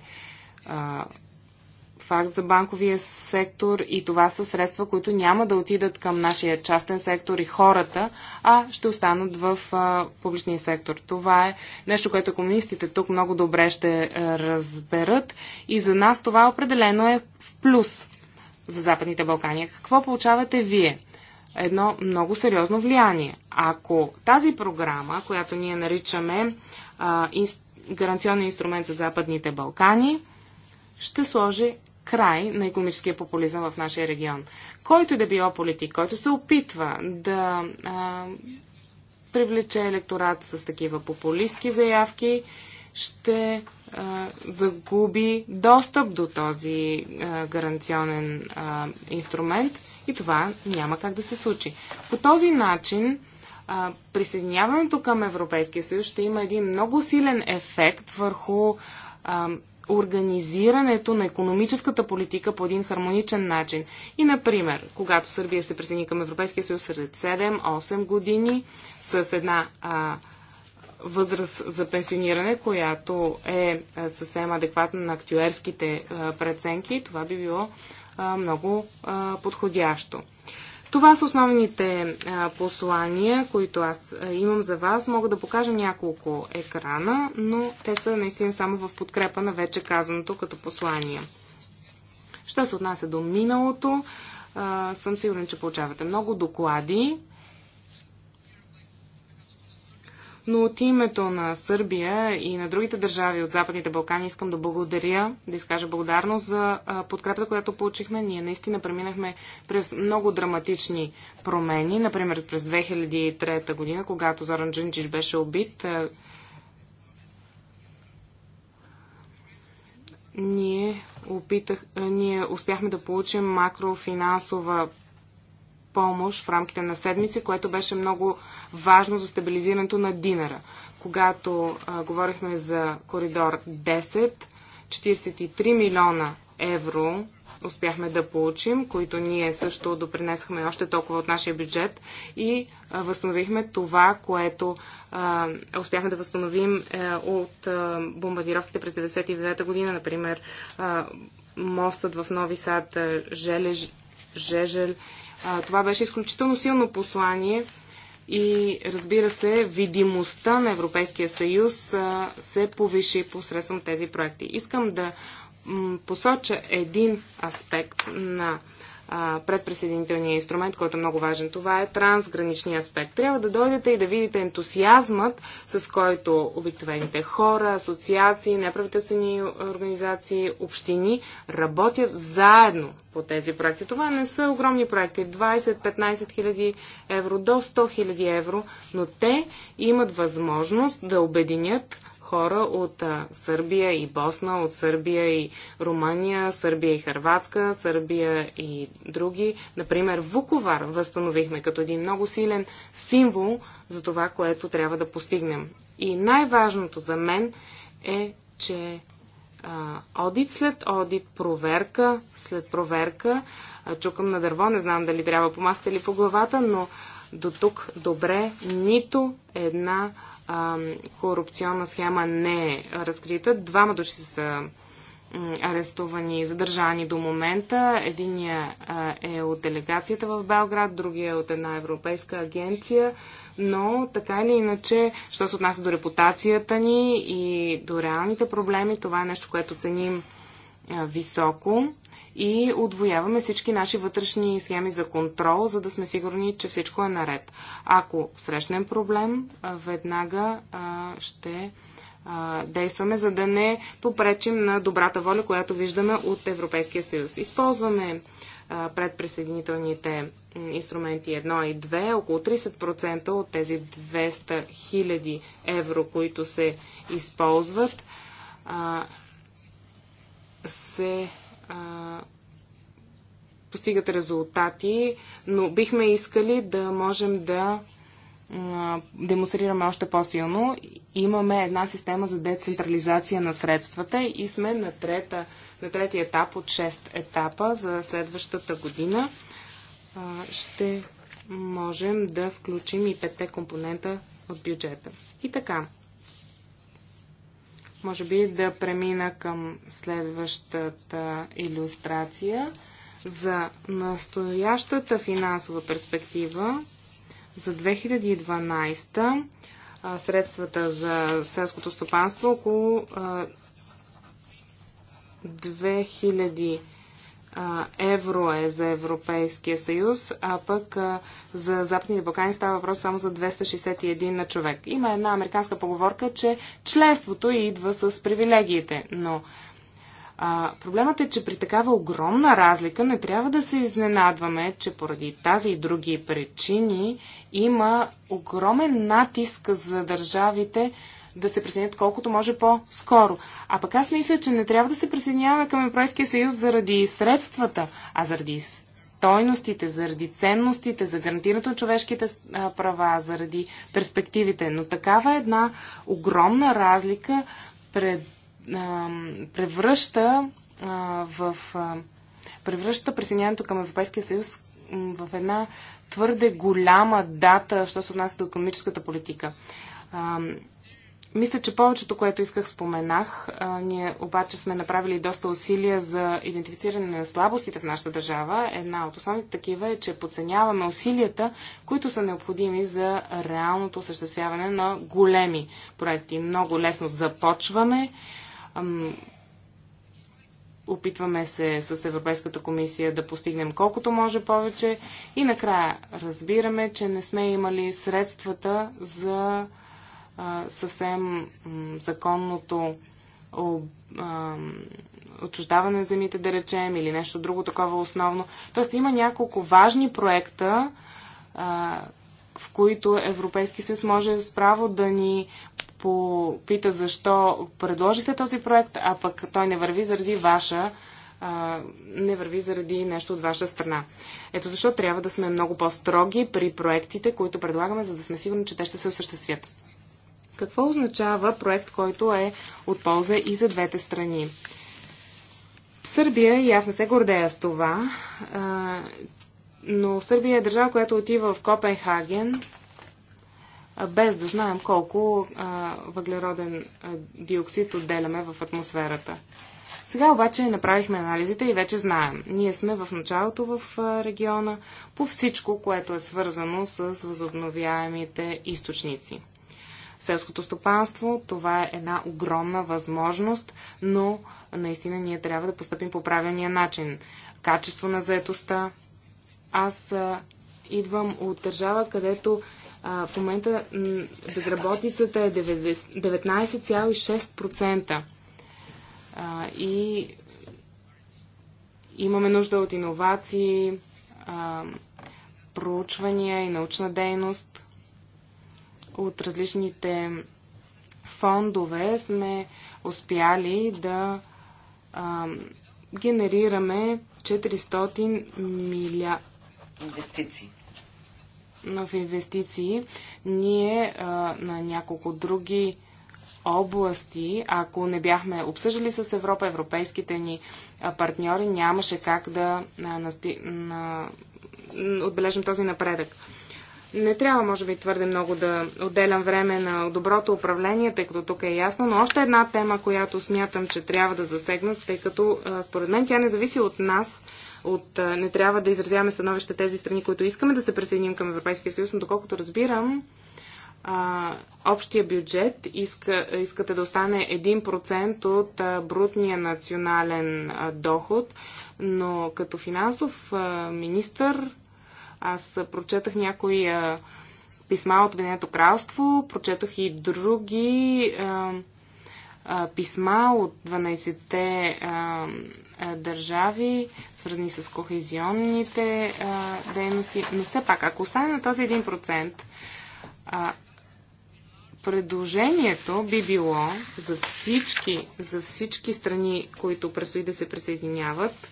факт за банковия сектор и това са средства, които няма да отидат към нашия частен сектор и хората, а ще останат в а, публичния сектор. Това е нещо, което комунистите тук много добре ще а, е, разберат и за нас това определено е в плюс за Западните Балкани. Какво получавате вие? Едно много сериозно влияние. Ако тази програма, която ние наричаме а, инст... гаранционен инструмент за Западните Балкани, ще сложи край на економическия популизъм в нашия регион. Който да било политик, който се опитва да а, привлече електорат с такива популистски заявки, ще а, загуби достъп до този а, гаранционен а, инструмент и това няма как да се случи. По този начин а, присъединяването към Европейския съюз ще има един много силен ефект върху а, организирането на економическата политика по един хармоничен начин. И, например, когато Сърбия се присъедини към Европейския съюз след 7-8 години с една а, възраст за пенсиониране, която е а, е съвсем адекватна на актюерските а, преценки, това би било а, много а, подходящо. Това са основните послания, които аз имам за вас. Мога да покажа няколко екрана, но те са наистина само в подкрепа на вече казаното като послания. Що се отнася до миналото, съм сигурен, че получавате много доклади Но от името на Сърбия и на другите държави от Западните Балкани искам да благодаря, да изкажа благодарност за подкрепата, която получихме. Ние наистина преминахме през много драматични промени. Например, през 2003 година, когато Зоран Джинджиш беше убит, ние, опитах, ние успяхме да получим макрофинансова помощ в рамките на седмици, което беше много важно за стабилизирането на динара. Когато а, говорихме за коридор 10, 43 милиона евро успяхме да получим, които ние също допринесахме още толкова от нашия бюджет и а, възстановихме това, което а, успяхме да възстановим а, е, от а, бомбардировките през 99-та година, например а, мостът в Нови Сад, Жележ, Жежел а, това беше изключително силно послание и разбира се, видимостта на Европейския съюз а, се повиши посредством тези проекти. Искам да посоча един аспект на предприсъединителния инструмент, който е много важен. Това е трансграничния аспект. Трябва да дойдете и да видите ентусиазмът, с който обикновените хора, асоциации, неправителствени организации, общини работят заедно по тези проекти. Това не са огромни проекти. 20-15 хиляди евро до 100 хиляди евро, но те имат възможност да обединят хора от а, Сърбия и Босна, от Сърбия и Румъния, Сърбия и Харватска, Сърбия и други. Например, Вуковар възстановихме като един много силен символ за това, което трябва да постигнем. И най-важното за мен е, че а, одит след одит, проверка след проверка, а, чукам на дърво, не знам дали трябва по маста или по главата, но до тук добре нито една а, корупционна схема не е разкрита. Двама души са арестувани, задържани до момента. Единия е от делегацията в Белград, другия е от една европейска агенция, но така или иначе, що се отнася до репутацията ни и до реалните проблеми, това е нещо, което ценим високо и отвояваме всички наши вътрешни схеми за контрол, за да сме сигурни, че всичко е наред. Ако срещнем проблем, веднага а, ще а, действаме, за да не попречим на добрата воля, която виждаме от Европейския съюз. Използваме а, предприсъединителните инструменти 1 и 2, около 30% от тези 200 000 евро, които се използват, се постигат резултати, но бихме искали да можем да демонстрираме още по-силно. Имаме една система за децентрализация на средствата и сме на, трета, на трети етап от 6 етапа за следващата година. Ще можем да включим и петте компонента от бюджета. И така, може би да премина към следващата иллюстрация за настоящата финансова перспектива за 2012 средствата за селското стопанство около 2000 евро е за Европейския съюз, а пък за Западните Балкани става въпрос само за 261 на човек. Има една американска поговорка, че членството идва с привилегиите, но а, проблемът е, че при такава огромна разлика не трябва да се изненадваме, че поради тази и други причини има огромен натиск за държавите, да се присъединят колкото може по-скоро. А пък аз мисля, че не трябва да се присъединяваме към Европейския съюз заради средствата, а заради стойностите, заради ценностите, за гарантирането на човешките права, заради перспективите. Но такава една огромна разлика пред, а, превръща а, в. А, превръща присъединяването към Европейския съюз в една твърде голяма дата, що се отнася до економическата политика. Мисля, че повечето, което исках, споменах. А, ние обаче сме направили доста усилия за идентифициране на слабостите в нашата държава. Една от основните такива е, че подценяваме усилията, които са необходими за реалното осъществяване на големи проекти. Много лесно започваме. Ам, опитваме се с Европейската комисия да постигнем колкото може повече. И накрая разбираме, че не сме имали средствата за съвсем законното отчуждаване на земите, да речем, или нещо друго такова основно. Тоест има няколко важни проекта, в които Европейски съюз може справо да ни попита защо предложихте този проект, а пък той не върви заради ваша не върви заради нещо от ваша страна. Ето защо трябва да сме много по-строги при проектите, които предлагаме, за да сме сигурни, че те ще се осъществят. Какво означава проект, който е от полза и за двете страни? Сърбия, и аз не се гордея с това, но Сърбия е държава, която отива в Копенхаген, без да знаем колко въглероден диоксид отделяме в атмосферата. Сега обаче направихме анализите и вече знаем. Ние сме в началото в региона по всичко, което е свързано с възобновяемите източници селското стопанство. Това е една огромна възможност, но наистина ние трябва да поступим по правилния начин. Качество на заетостта. Аз а, идвам от държава, където а, в момента безработицата е 19,6%. и имаме нужда от иновации, проучвания и научна дейност от различните фондове сме успяли да а, генерираме 400 милиарда инвестиции. В инвестиции ние а, на няколко други области, ако не бяхме обсъждали с Европа, европейските ни партньори, нямаше как да насти... на... отбележим този напредък. Не трябва, може би, твърде много да отделям време на доброто управление, тъй като тук е ясно, но още една тема, която смятам, че трябва да засегнат, тъй като според мен тя не зависи от нас, от не трябва да изразяваме становище тези страни, които искаме да се присъединим към Европейския съюз, но доколкото разбирам, а, общия бюджет иска, искате да остане 1% от а, брутния национален а, доход, но като финансов а, министр аз прочетах някои а, писма от Обединеното кралство, прочетах и други а, а, писма от 12-те държави, свързани с кохезионните дейности. Но все пак, ако остане на този 1%, предложението би било за всички, за всички страни, които предстои да се присъединяват,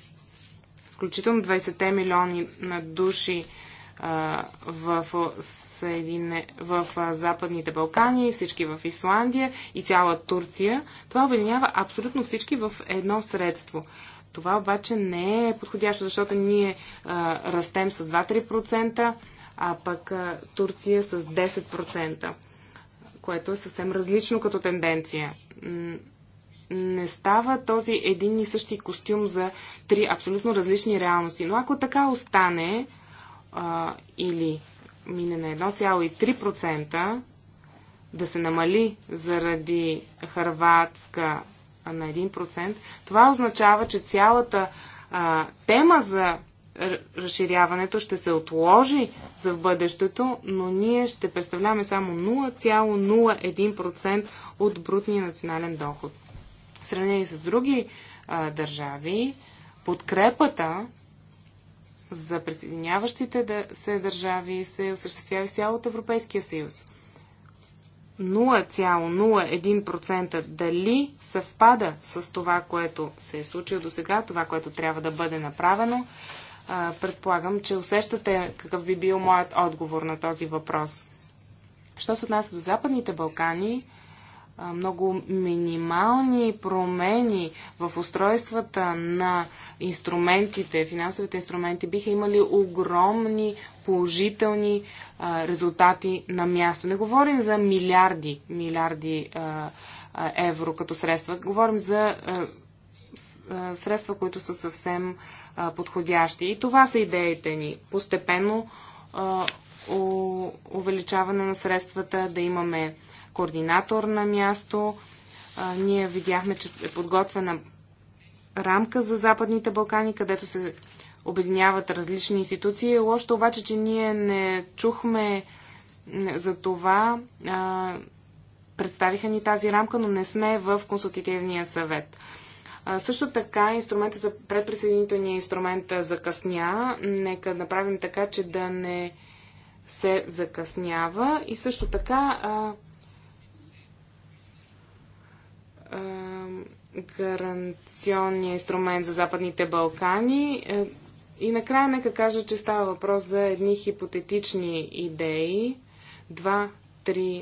включително 20 милиони на души в, Съедине, в Западните Балкани, всички в Исландия и цяла Турция. Това обединява абсолютно всички в едно средство. Това обаче не е подходящо, защото ние а, растем с 2-3%, а пък а, Турция с 10%, което е съвсем различно като тенденция не става този един и същи костюм за три абсолютно различни реалности. Но ако така остане а, или мине на 1,3%, да се намали заради Харватска на 1%, това означава, че цялата а, тема за разширяването ще се отложи за в бъдещето, но ние ще представляваме само 0,01% от брутния национален доход в сравнение с други а, държави, подкрепата за присъединяващите да се държави се осъществява в от Европейския съюз. 0,01% дали съвпада с това, което се е случило до сега, това, което трябва да бъде направено. Предполагам, че усещате какъв би бил моят отговор на този въпрос. Що се отнася до Западните Балкани, много минимални промени в устройствата на инструментите, финансовите инструменти, биха имали огромни положителни резултати на място. Не говорим за милиарди, милиарди евро като средства. Говорим за средства, които са съвсем подходящи. И това са идеите ни. Постепенно увеличаване на средствата, да имаме координатор на място. А, ние видяхме, че е подготвена рамка за Западните Балкани, където се обединяват различни институции. Лошото обаче, че ние не чухме за това. А, представиха ни тази рамка, но не сме в консултативния съвет. А, също така, инструмента за предприсъединителния инструмент закъсня. Нека направим така, че да не се закъснява. И също така, а, гаранционния инструмент за Западните Балкани. Е, и накрая нека кажа, че става въпрос за едни хипотетични идеи. 2-3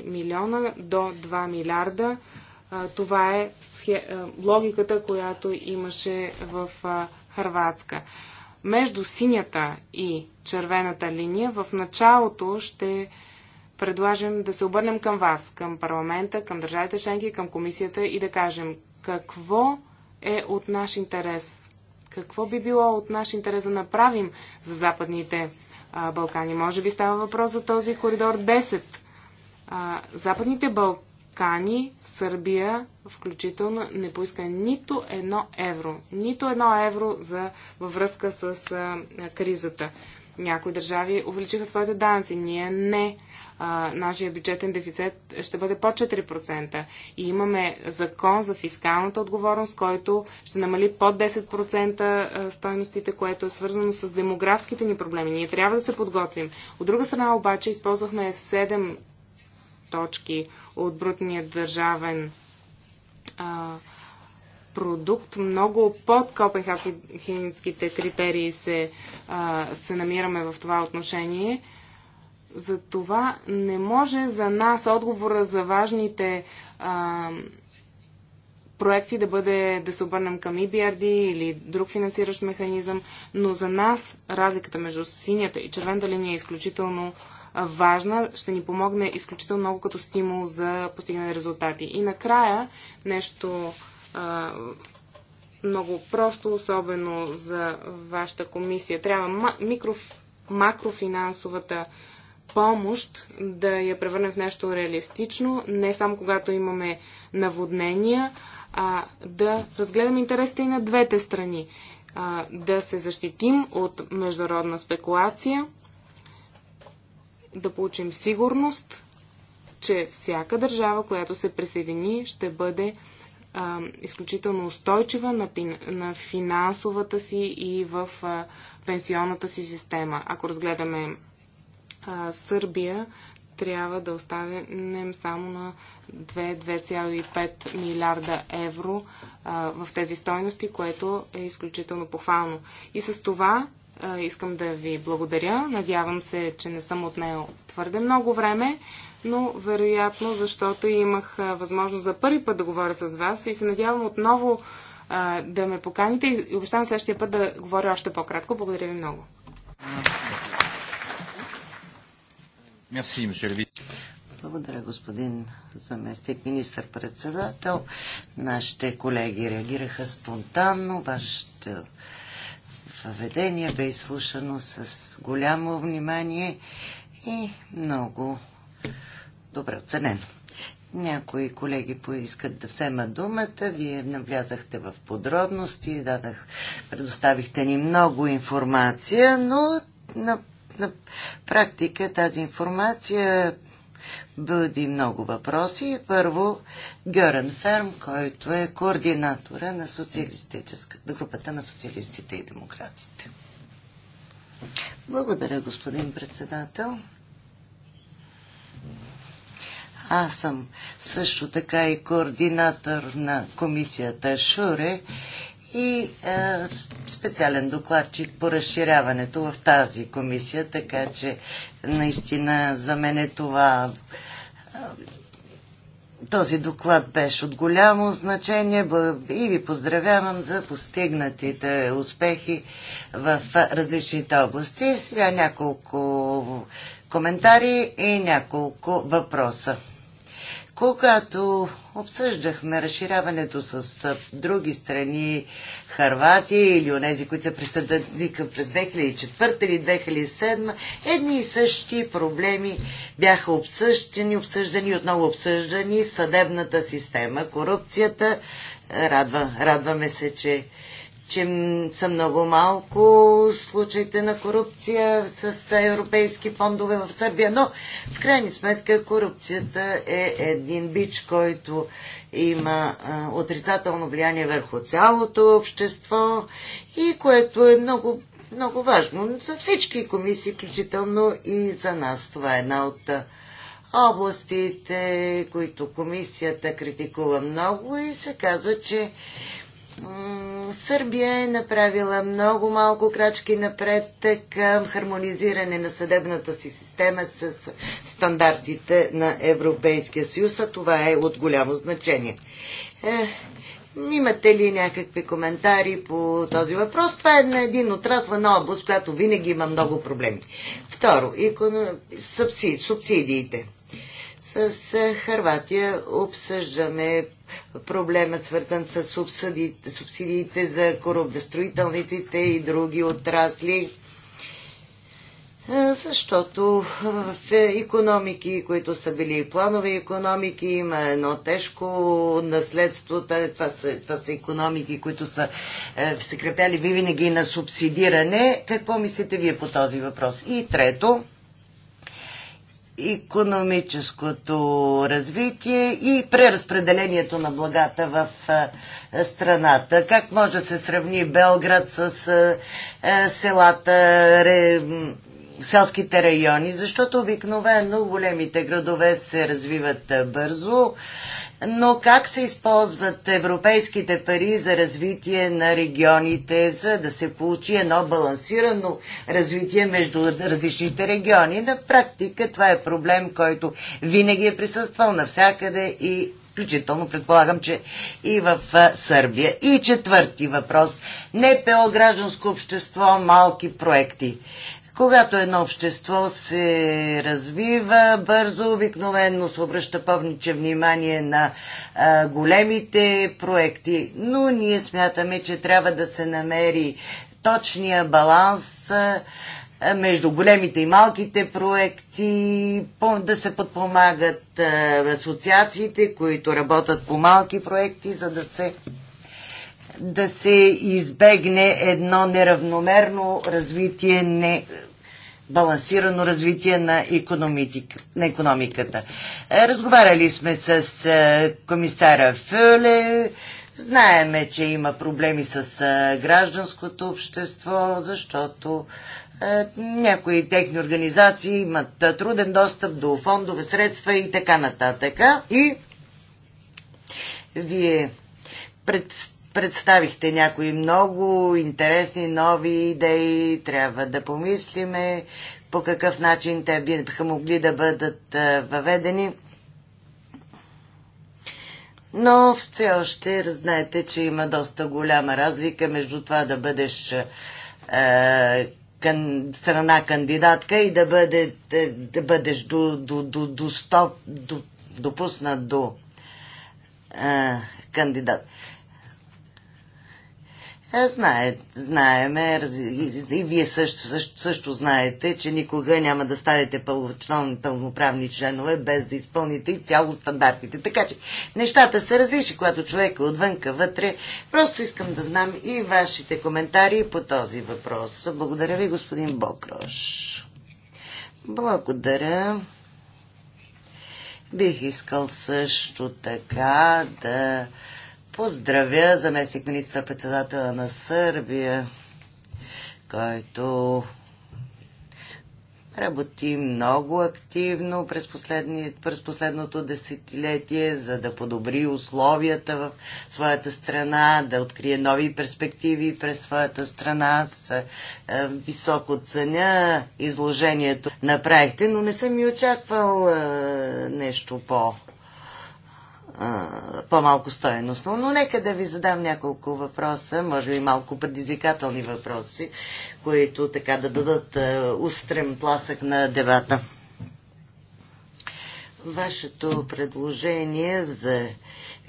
милиона до 2 милиарда. Е, това е, е логиката, която имаше в Харватска. Между синята и червената линия в началото ще предлагам да се обърнем към вас, към парламента, към държавите членки, към комисията и да кажем какво е от наш интерес, какво би било от наш интерес да направим за Западните а, Балкани. Може би става въпрос за този коридор 10. А, Западните Балкани, Сърбия, включително, не поиска нито едно евро. Нито едно евро за, във връзка с а, кризата. Някои държави увеличиха своите данъци, ние не нашия бюджетен дефицит ще бъде по 4%. И имаме закон за фискалната отговорност, който ще намали под 10% стойностите, което е свързано с демографските ни проблеми. Ние трябва да се подготвим. От друга страна обаче използвахме 7 точки от брутния държавен а, продукт. Много под копенхагенските критерии се, а, се намираме в това отношение. За това не може за нас отговора за важните а, проекти да бъде да се обърнем към EBRD или друг финансиращ механизъм, но за нас разликата между синята и червената линия е изключително важна, ще ни помогне изключително много като стимул за постигане резултати. И накрая нещо а, много просто, особено за вашата комисия. Трябва микро, макрофинансовата помощ да я превърнем в нещо реалистично, не само когато имаме наводнения, а да разгледаме интересите и на двете страни, а, да се защитим от международна спекулация, да получим сигурност, че всяка държава, която се присъедини, ще бъде а, изключително устойчива на, на финансовата си и в а, пенсионната си система. Ако разгледаме а, Сърбия трябва да не само на 2,5 милиарда евро а, в тези стойности, което е изключително похвално. И с това а, искам да ви благодаря. Надявам се, че не съм отнел твърде много време, но вероятно, защото имах възможност за първи път да говоря с вас и се надявам отново а, да ме поканите и обещавам следващия път да говоря още по-кратко. Благодаря ви много. Мерси, Благодаря, господин заместник министър-председател. Нашите колеги реагираха спонтанно. Вашето въведение бе изслушано с голямо внимание и много добре оценено. Някои колеги поискат да вземат думата. Вие навлязахте в подробности, дадах, предоставихте ни много информация, но на на практика тази информация бъди много въпроси. Първо, Гьорен Ферм, който е координатора на социалистическата групата на социалистите и демократите. Благодаря, господин председател. Аз съм също така и координатор на комисията Шуре и е, специален докладчик по разширяването в тази комисия, така че наистина за мен е това е, този доклад беше от голямо значение и ви поздравявам за постигнатите успехи в различните области. Сега няколко коментари и няколко въпроса. Когато обсъждахме разширяването с други страни, Харватия или онези, които са присъдени към през 2004 или 2007, едни и същи проблеми бяха обсъждани, обсъждани и отново обсъждани съдебната система, корупцията. Радва, радваме се, че че са много малко случаите на корупция с европейски фондове в Сърбия, но в крайна сметка корупцията е един бич, който има а, отрицателно влияние върху цялото общество и което е много, много важно за всички комисии, включително и за нас. Това е една от областите, които комисията критикува много и се казва, че Сърбия е направила много малко крачки напред към хармонизиране на съдебната си система с стандартите на Европейския съюз, а това е от голямо значение. Е, имате ли някакви коментари по този въпрос? Това е на един отрасла на област, която винаги има много проблеми. Второ, економ... субсидиите. С Харватия обсъждаме проблема е свързан с субсидиите, субсидиите за корабостроителниците и други отрасли защото в економики, които са били планови економики, има едно тежко наследство. Това са, това са економики, които са е, се крепяли винаги на субсидиране. Какво мислите вие по този въпрос? И трето, економическото развитие и преразпределението на благата в страната. Как може да се сравни Белград с селата, селските райони, защото обикновено големите градове се развиват бързо но как се използват европейските пари за развитие на регионите, за да се получи едно балансирано развитие между различните региони. На практика това е проблем, който винаги е присъствал навсякъде и включително предполагам, че и в Сърбия. И четвърти въпрос. НПО, гражданско общество, малки проекти. Когато едно общество се развива бързо, обикновенно се обръща повниче внимание на а, големите проекти, но ние смятаме, че трябва да се намери точния баланс а, между големите и малките проекти, да се подпомагат а, асоциациите, които работят по малки проекти, за да се да се избегне едно неравномерно развитие не, балансирано развитие на, на економиката. Е, разговаряли сме с е, комисара Фюле, знаеме, че има проблеми с е, гражданското общество, защото някои техни организации имат труден достъп до фондове, средства и така нататък. И вие представяте представихте някои много интересни нови идеи. Трябва да помислиме по какъв начин те биха могли да бъдат въведени. Но все още знаете, че има доста голяма разлика между това да бъдеш е, кан, страна кандидатка и да, бъде, да бъдеш до, до, до, до, стоп, до допуснат до е, кандидат. Е, знае, знаеме, и вие също, също, също знаете, че никога няма да станете пълноправни членове, без да изпълните и цяло стандартите. Така че нещата се различи, когато човек е отвънка вътре. Просто искам да знам и вашите коментари по този въпрос. Благодаря ви, господин Бокрош. Благодаря. Бих искал също така да поздравя заместник министър-председателя на Сърбия, който работи много активно през, последни, през последното десетилетие, за да подобри условията в своята страна, да открие нови перспективи през своята страна. с. Е, е, високо ценя изложението направихте, но не съм и очаквал е, нещо по- по-малко стоеностно. Но нека да ви задам няколко въпроса, може би малко предизвикателни въпроси, които така да дадат а, устрем пласък на дебата. Вашето предложение за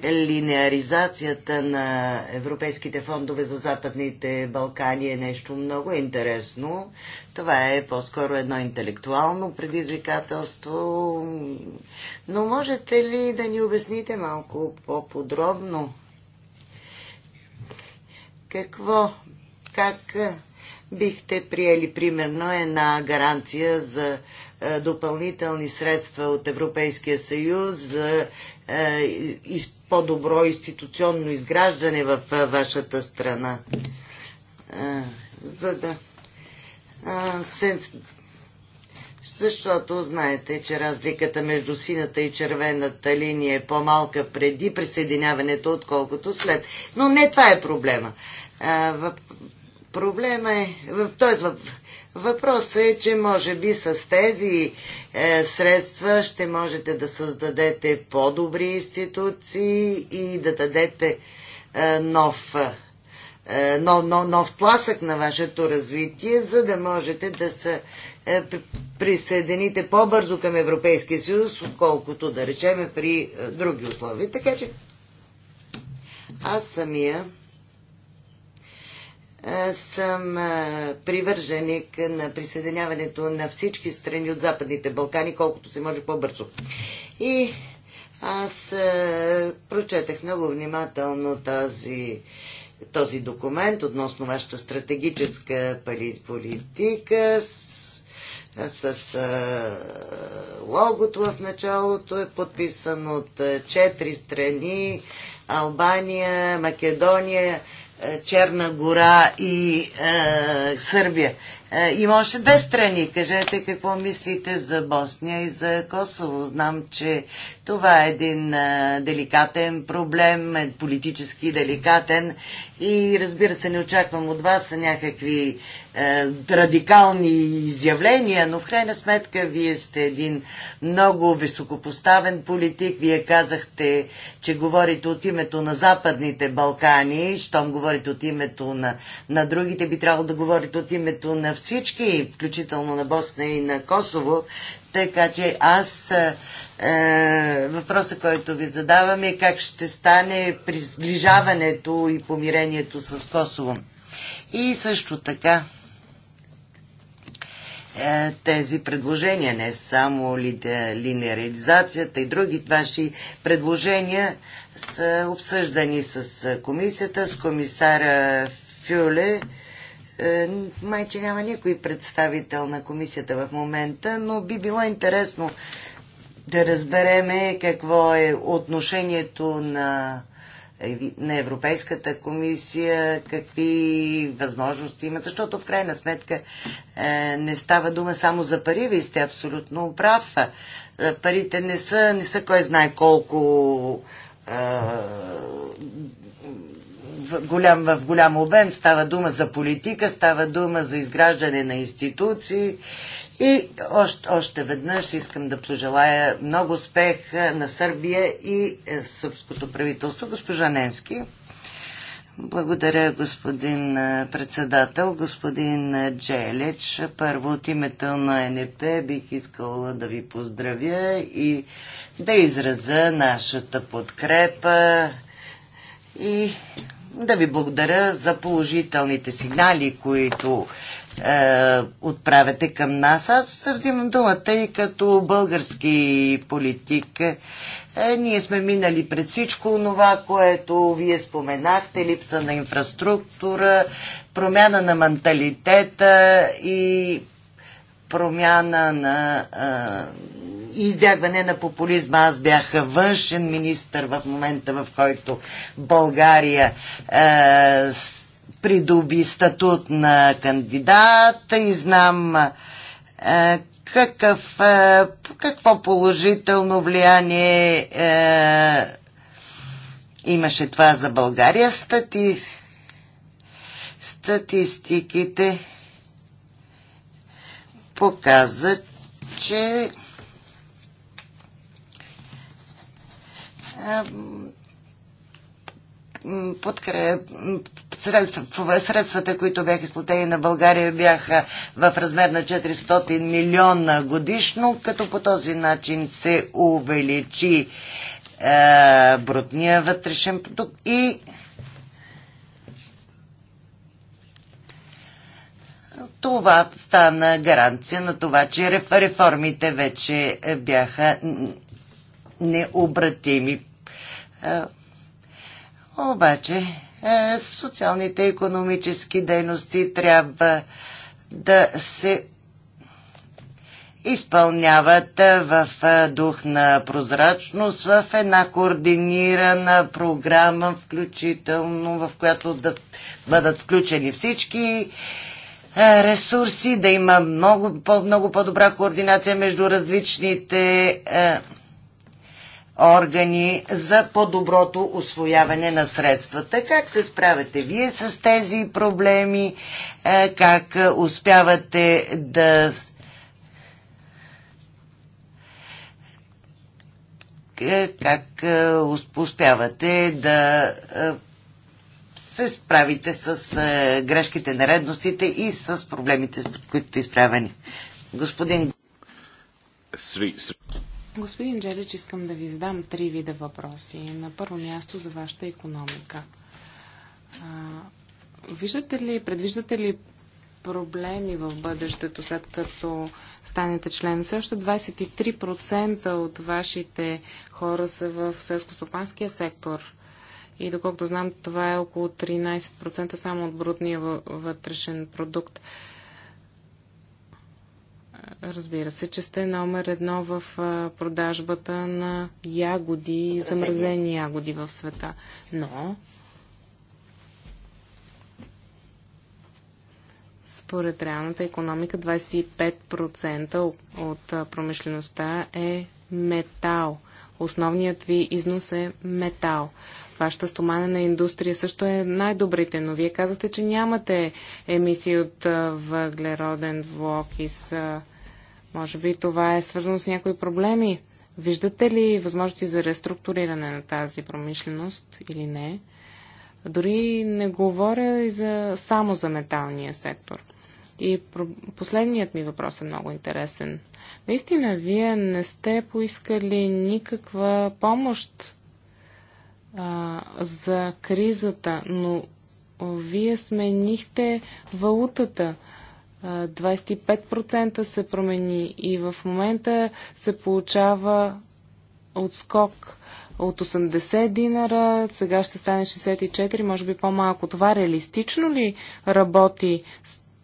линеаризацията на европейските фондове за Западните Балкани е нещо много интересно. Това е по-скоро едно интелектуално предизвикателство. Но можете ли да ни обясните малко по-подробно? Какво, как бихте приели примерно една гаранция за е, допълнителни средства от Европейския съюз за е, из по-добро институционно изграждане в вашата страна. За да. Защото знаете, че разликата между сината и червената линия е по-малка преди присъединяването, отколкото след. Но не това е проблема. Проблема е. Тоест, Въпросът е, че може би с тези е, средства ще можете да създадете по-добри институции и да дадете е, нов, е, нов, нов, нов тласък на вашето развитие, за да можете да се е, присъедините по-бързо към Европейския съюз, отколкото да речеме при е, други условия. Така че аз самия е, съм е, привърженик на присъединяването на всички страни от Западните Балкани, колкото се може по-бързо. И аз е, прочетах много внимателно тази, този документ относно вашата стратегическа политика с, с логото в началото е подписан от четири страни Албания, Македония, е, Черна гора и е, Сърбия. Е, има още две страни. Кажете какво мислите за Босния и за Косово. Знам, че това е един е, деликатен проблем, е политически деликатен и разбира се, не очаквам от вас някакви е, радикални изявления, но в крайна сметка вие сте един много високопоставен политик. Вие казахте, че говорите от името на Западните Балкани, щом говорите от името на, на другите, би трябвало да говорите от името на всички, включително на Босна и на Косово. Така че аз е, е въпроса, който ви задавам е как ще стане при сближаването и помирението с Косово. И също така е, тези предложения, не само линеализацията и други ваши предложения са обсъждани с е, комисията, с комисара Фюле. Е, Май, че няма никой представител на комисията в момента, но би било интересно да разбереме какво е отношението на на Европейската комисия, какви възможности има, защото в крайна сметка е, не става дума само за пари, вие сте абсолютно прав. Е, парите не са, не са кой знае колко е, в голям, в голям обем. Става дума за политика, става дума за изграждане на институции и още, още веднъж искам да пожелая много успех е, на Сърбия и е, сърбското правителство. Госпожа Ненски. Благодаря, господин е, председател. Господин Джелеч първо от името на НП бих искала да ви поздравя и да израза нашата подкрепа и да ви благодаря за положителните сигнали, които е, отправяте към нас. Аз се взимам думата и като български политик. Е, ние сме минали пред всичко това, което вие споменахте, липса на инфраструктура, промяна на менталитета и промяна на е, избягване на популизма. Аз бях външен министр в момента, в който България е, придоби статут на кандидат и знам какъв, какво положително влияние имаше това за България. Стати, статистиките показват, че подкреп, средствата, които бяха изплатени на България, бяха в размер на 400 милиона годишно, като по този начин се увеличи е, брутния вътрешен продукт и това стана гаранция на това, че реформите вече бяха необратими. Е, обаче, е, социалните и економически дейности трябва да се изпълняват е, в е, дух на прозрачност, в една координирана програма, включително в която да бъдат включени всички ресурси, да има много, много по-добра координация между различните органи за по-доброто освояване на средствата. Как се справяте вие с тези проблеми? Е, как е, успявате да е, как успявате да се справите с грешките, наредностите и с проблемите, с които изправени. Господин... Sweet. Господин Джелич, искам да ви задам три вида въпроси. На първо място за вашата економика. А, виждате ли, предвиждате ли проблеми в бъдещето, след като станете член. Също 23% от вашите хора са в селско-стопанския сектор. И доколкото знам, това е около 13% само от брутния вътрешен продукт разбира се, че сте номер едно в продажбата на ягоди, замразени ягоди в света. Но, според реалната економика, 25% от промишлеността е метал. Основният ви износ е метал. Вашата стоманена индустрия също е най-добрите, но вие казвате, че нямате емисии от въглероден влог и с може би това е свързано с някои проблеми. Виждате ли възможности за реструктуриране на тази промишленост или не? Дори не говоря и за, само за металния сектор. И последният ми въпрос е много интересен. Наистина, вие не сте поискали никаква помощ а, за кризата, но вие сменихте валутата. 25% се промени и в момента се получава отскок от 80 динара, сега ще стане 64, може би по-малко. Това реалистично ли работи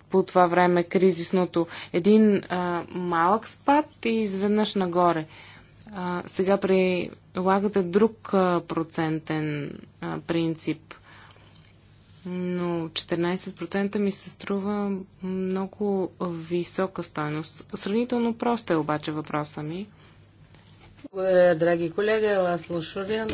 по това време кризисното? Един а, малък спад и изведнъж нагоре. А, сега прилагате друг а, процентен а, принцип но 14% ми се струва много висока стойност. Сравнително просто е обаче въпроса ми. Благодаря, драги колега. Ласло Шуриан.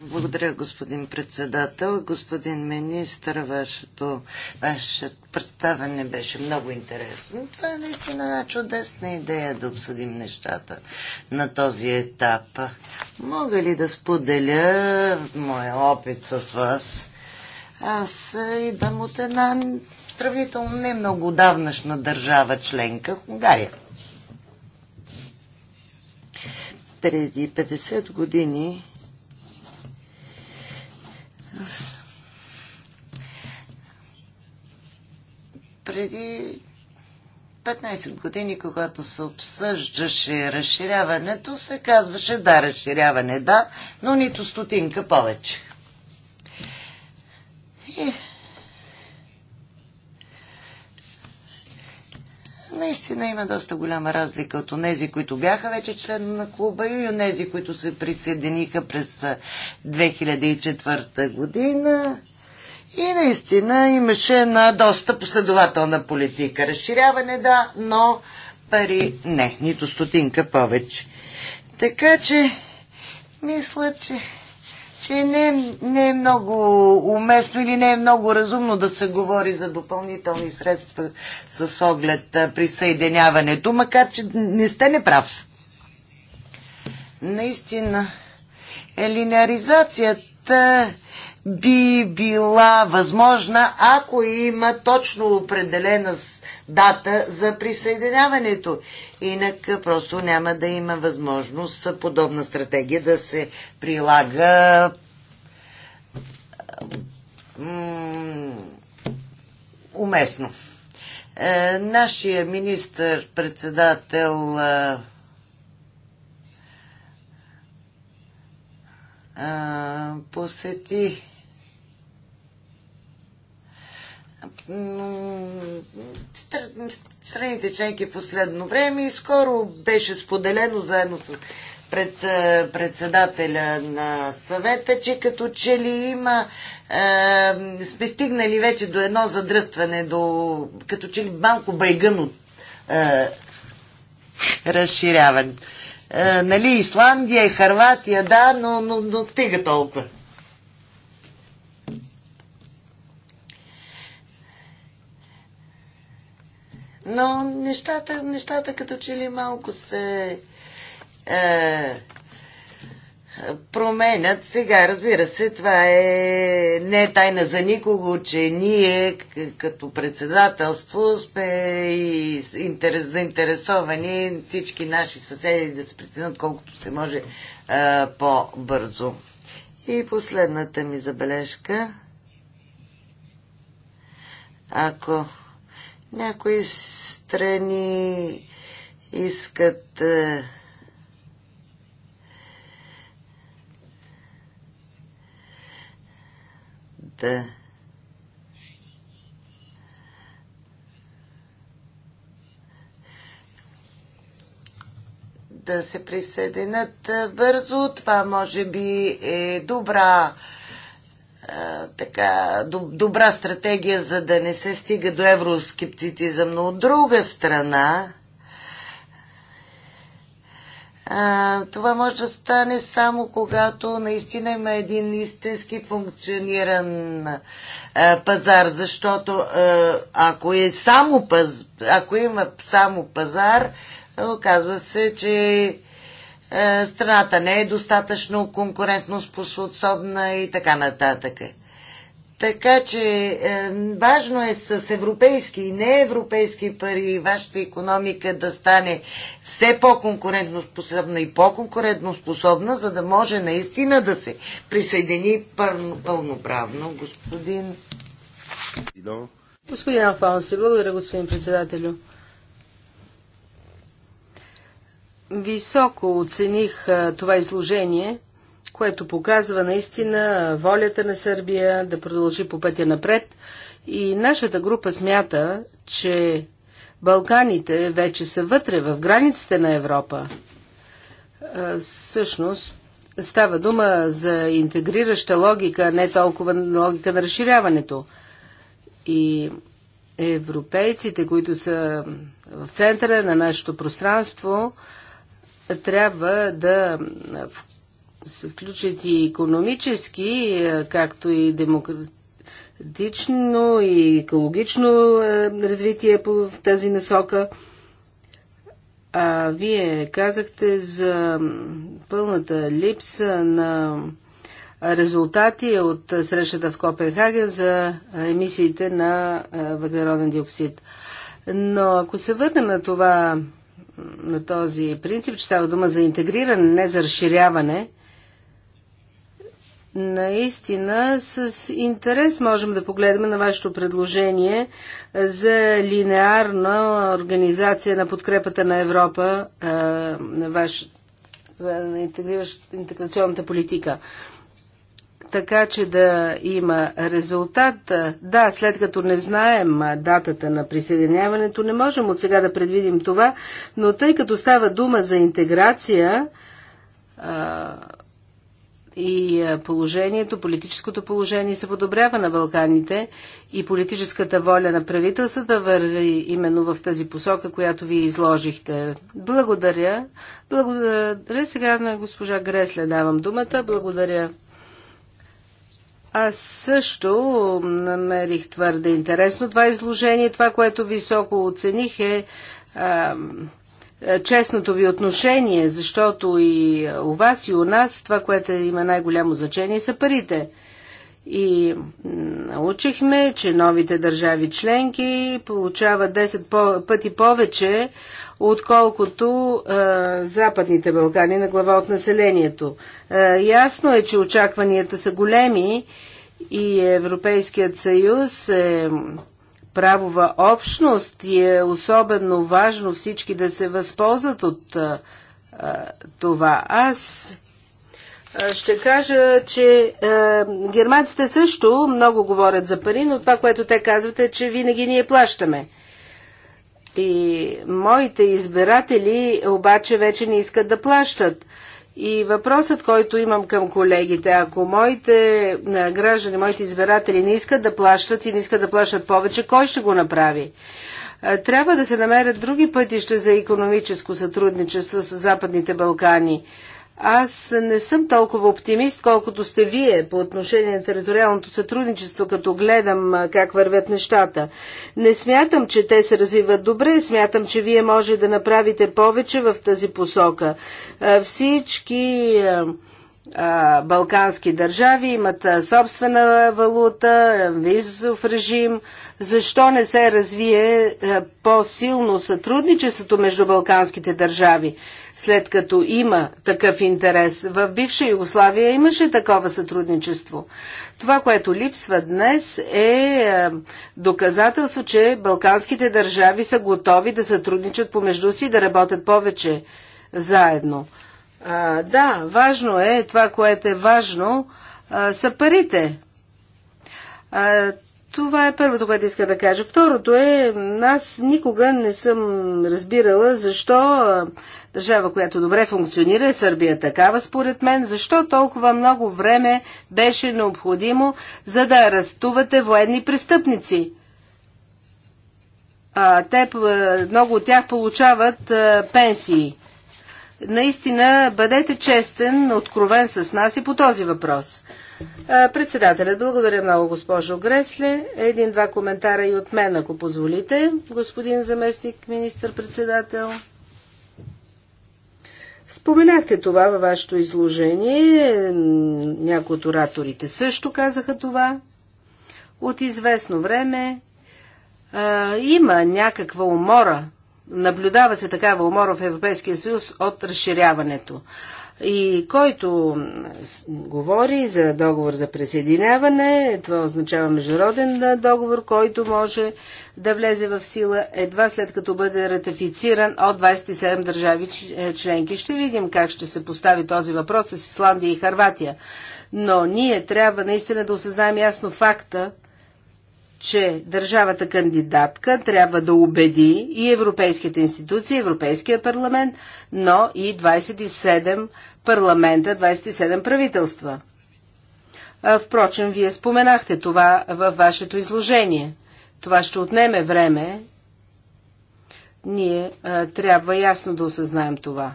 Благодаря, господин председател. Господин министр, вашето, вашето представане беше много интересно. Това е наистина една чудесна идея да обсъдим нещата на този етап. Мога ли да споделя моя опит с вас? Аз идвам от една сравнително не много давнашна държава членка, Хунгария. Преди 50 години преди 15 години, когато се обсъждаше разширяването, се казваше да, разширяване да, но нито стотинка повече. Е. наистина има доста голяма разлика от онези, които бяха вече член на клуба и онези, които се присъединиха през 2004 година. И наистина имаше една доста последователна политика. Разширяване да, но пари не, нито стотинка повече. Така че, мисля, че че не, не е много уместно или не е много разумно да се говори за допълнителни средства с оглед присъединяването, макар че не сте неправ. Наистина, елинеаризацията би била възможна, ако има точно определена дата за присъединяването. Инак просто няма да има възможност подобна стратегия да се прилага уместно. Е, нашия министър-председател посети страните членки последно време и скоро беше споделено заедно с пред е, председателя на съвета, че като че ли има е, сме стигнали вече до едно задръстване, до като че ли малко байгъно е, разширяване. Е, нали, Исландия и Харватия, да, но, но, но стига толкова. Но нещата, нещата като че ли малко се е, променят сега. Разбира се, това е не е тайна за никого, че ние като председателство сме и интерес, заинтересовани всички наши съседи да се преценят колкото се може е, по-бързо. И последната ми забележка. Ако някои страни искат е, да да се присъединят е, бързо. Това може би е добра така добра стратегия, за да не се стига до евроскептицизъм, но от друга страна а, това може да стане само когато наистина има един истински функциониран а, пазар, защото а, ако, е само паз, ако има само пазар, оказва се, че е, страната не е достатъчно конкурентно способна и така нататък. Така че е, важно е с европейски и неевропейски пари вашата економика да стане все по-конкурентно способна и по-конкурентно способна, за да може наистина да се присъедини пълно, пълноправно, господин. Господин Алфонси, благодаря, господин председателю. Високо оцених това изложение, което показва наистина волята на Сърбия да продължи по пътя напред. И нашата група смята, че Балканите вече са вътре в границите на Европа. Всъщност става дума за интегрираща логика, не толкова логика на разширяването. И европейците, които са в центъра на нашето пространство, трябва да се включат и економически, е, както и демократично и екологично е, развитие в тази насока. А вие казахте за пълната липса на резултати от срещата в Копенхаген за емисиите на е, въглероден диоксид. Но ако се върнем на това на този принцип, че става дума за интегриране, не за разширяване, наистина с интерес можем да погледнем на вашето предложение за линеарна организация на подкрепата на Европа на, ваш, на интеграционната политика така че да има резултат. Да, след като не знаем датата на присъединяването, не можем от сега да предвидим това, но тъй като става дума за интеграция а, и положението, политическото положение се подобрява на Балканите и политическата воля на правителствата върви именно в тази посока, която вие изложихте. Благодаря. Благодаря. Сега на госпожа Гресле давам думата. Благодаря. Аз също намерих твърде интересно това изложение. Това, което високо оцених е а, е, честното ви отношение, защото и у вас и у нас това, което има най-голямо значение са парите. И научихме, че новите държави членки получават 10 по- пъти повече, отколкото е, Западните Балкани на глава от населението. Е, ясно е, че очакванията са големи и Европейският съюз е правова общност и е особено важно всички да се възползват от е, това. Аз ще кажа, че е, германците също много говорят за пари, но това, което те казват е, че винаги ние плащаме. И моите избиратели обаче вече не искат да плащат. И въпросът, който имам към колегите, ако моите граждани, моите избиратели не искат да плащат и не искат да плащат повече, кой ще го направи? Трябва да се намерят други пътища за економическо сътрудничество с Западните Балкани. Аз не съм толкова оптимист, колкото сте вие по отношение на териториалното сътрудничество, като гледам как вървят нещата. Не смятам, че те се развиват добре, смятам, че вие може да направите повече в тази посока. Всички балкански държави имат собствена валута, визов режим. Защо не се развие по-силно сътрудничеството между балканските държави, след като има такъв интерес? В бивша Югославия имаше такова сътрудничество. Това, което липсва днес е доказателство, че балканските държави са готови да сътрудничат помежду си и да работят повече заедно. А, да, важно е, това, което е важно, а, са парите. А, това е първото, което иска да кажа. Второто е, аз никога не съм разбирала защо държава, която добре функционира, е Сърбия такава, според мен, защо толкова много време беше необходимо, за да арестувате военни престъпници. А, те, много от тях получават а, пенсии. Наистина, бъдете честен, откровен с нас и по този въпрос. Председателя, благодаря много, госпожо Гресле. Един-два коментара и от мен, ако позволите, господин заместник министър-председател. Споменахте това във вашето изложение. Някои от ораторите също казаха това. От известно време а, има някаква умора Наблюдава се такава умора в Европейския съюз от разширяването. И който говори за договор за присъединяване, това означава международен договор, който може да влезе в сила едва след като бъде ратифициран от 27 държави е, членки. Ще видим как ще се постави този въпрос с Исландия и Харватия. Но ние трябва наистина да осъзнаем ясно факта, че държавата кандидатка трябва да убеди и европейските институции, Европейския парламент, но и 27 парламента, 27 правителства. Впрочем, вие споменахте това във вашето изложение. Това ще отнеме време. Ние а, трябва ясно да осъзнаем това.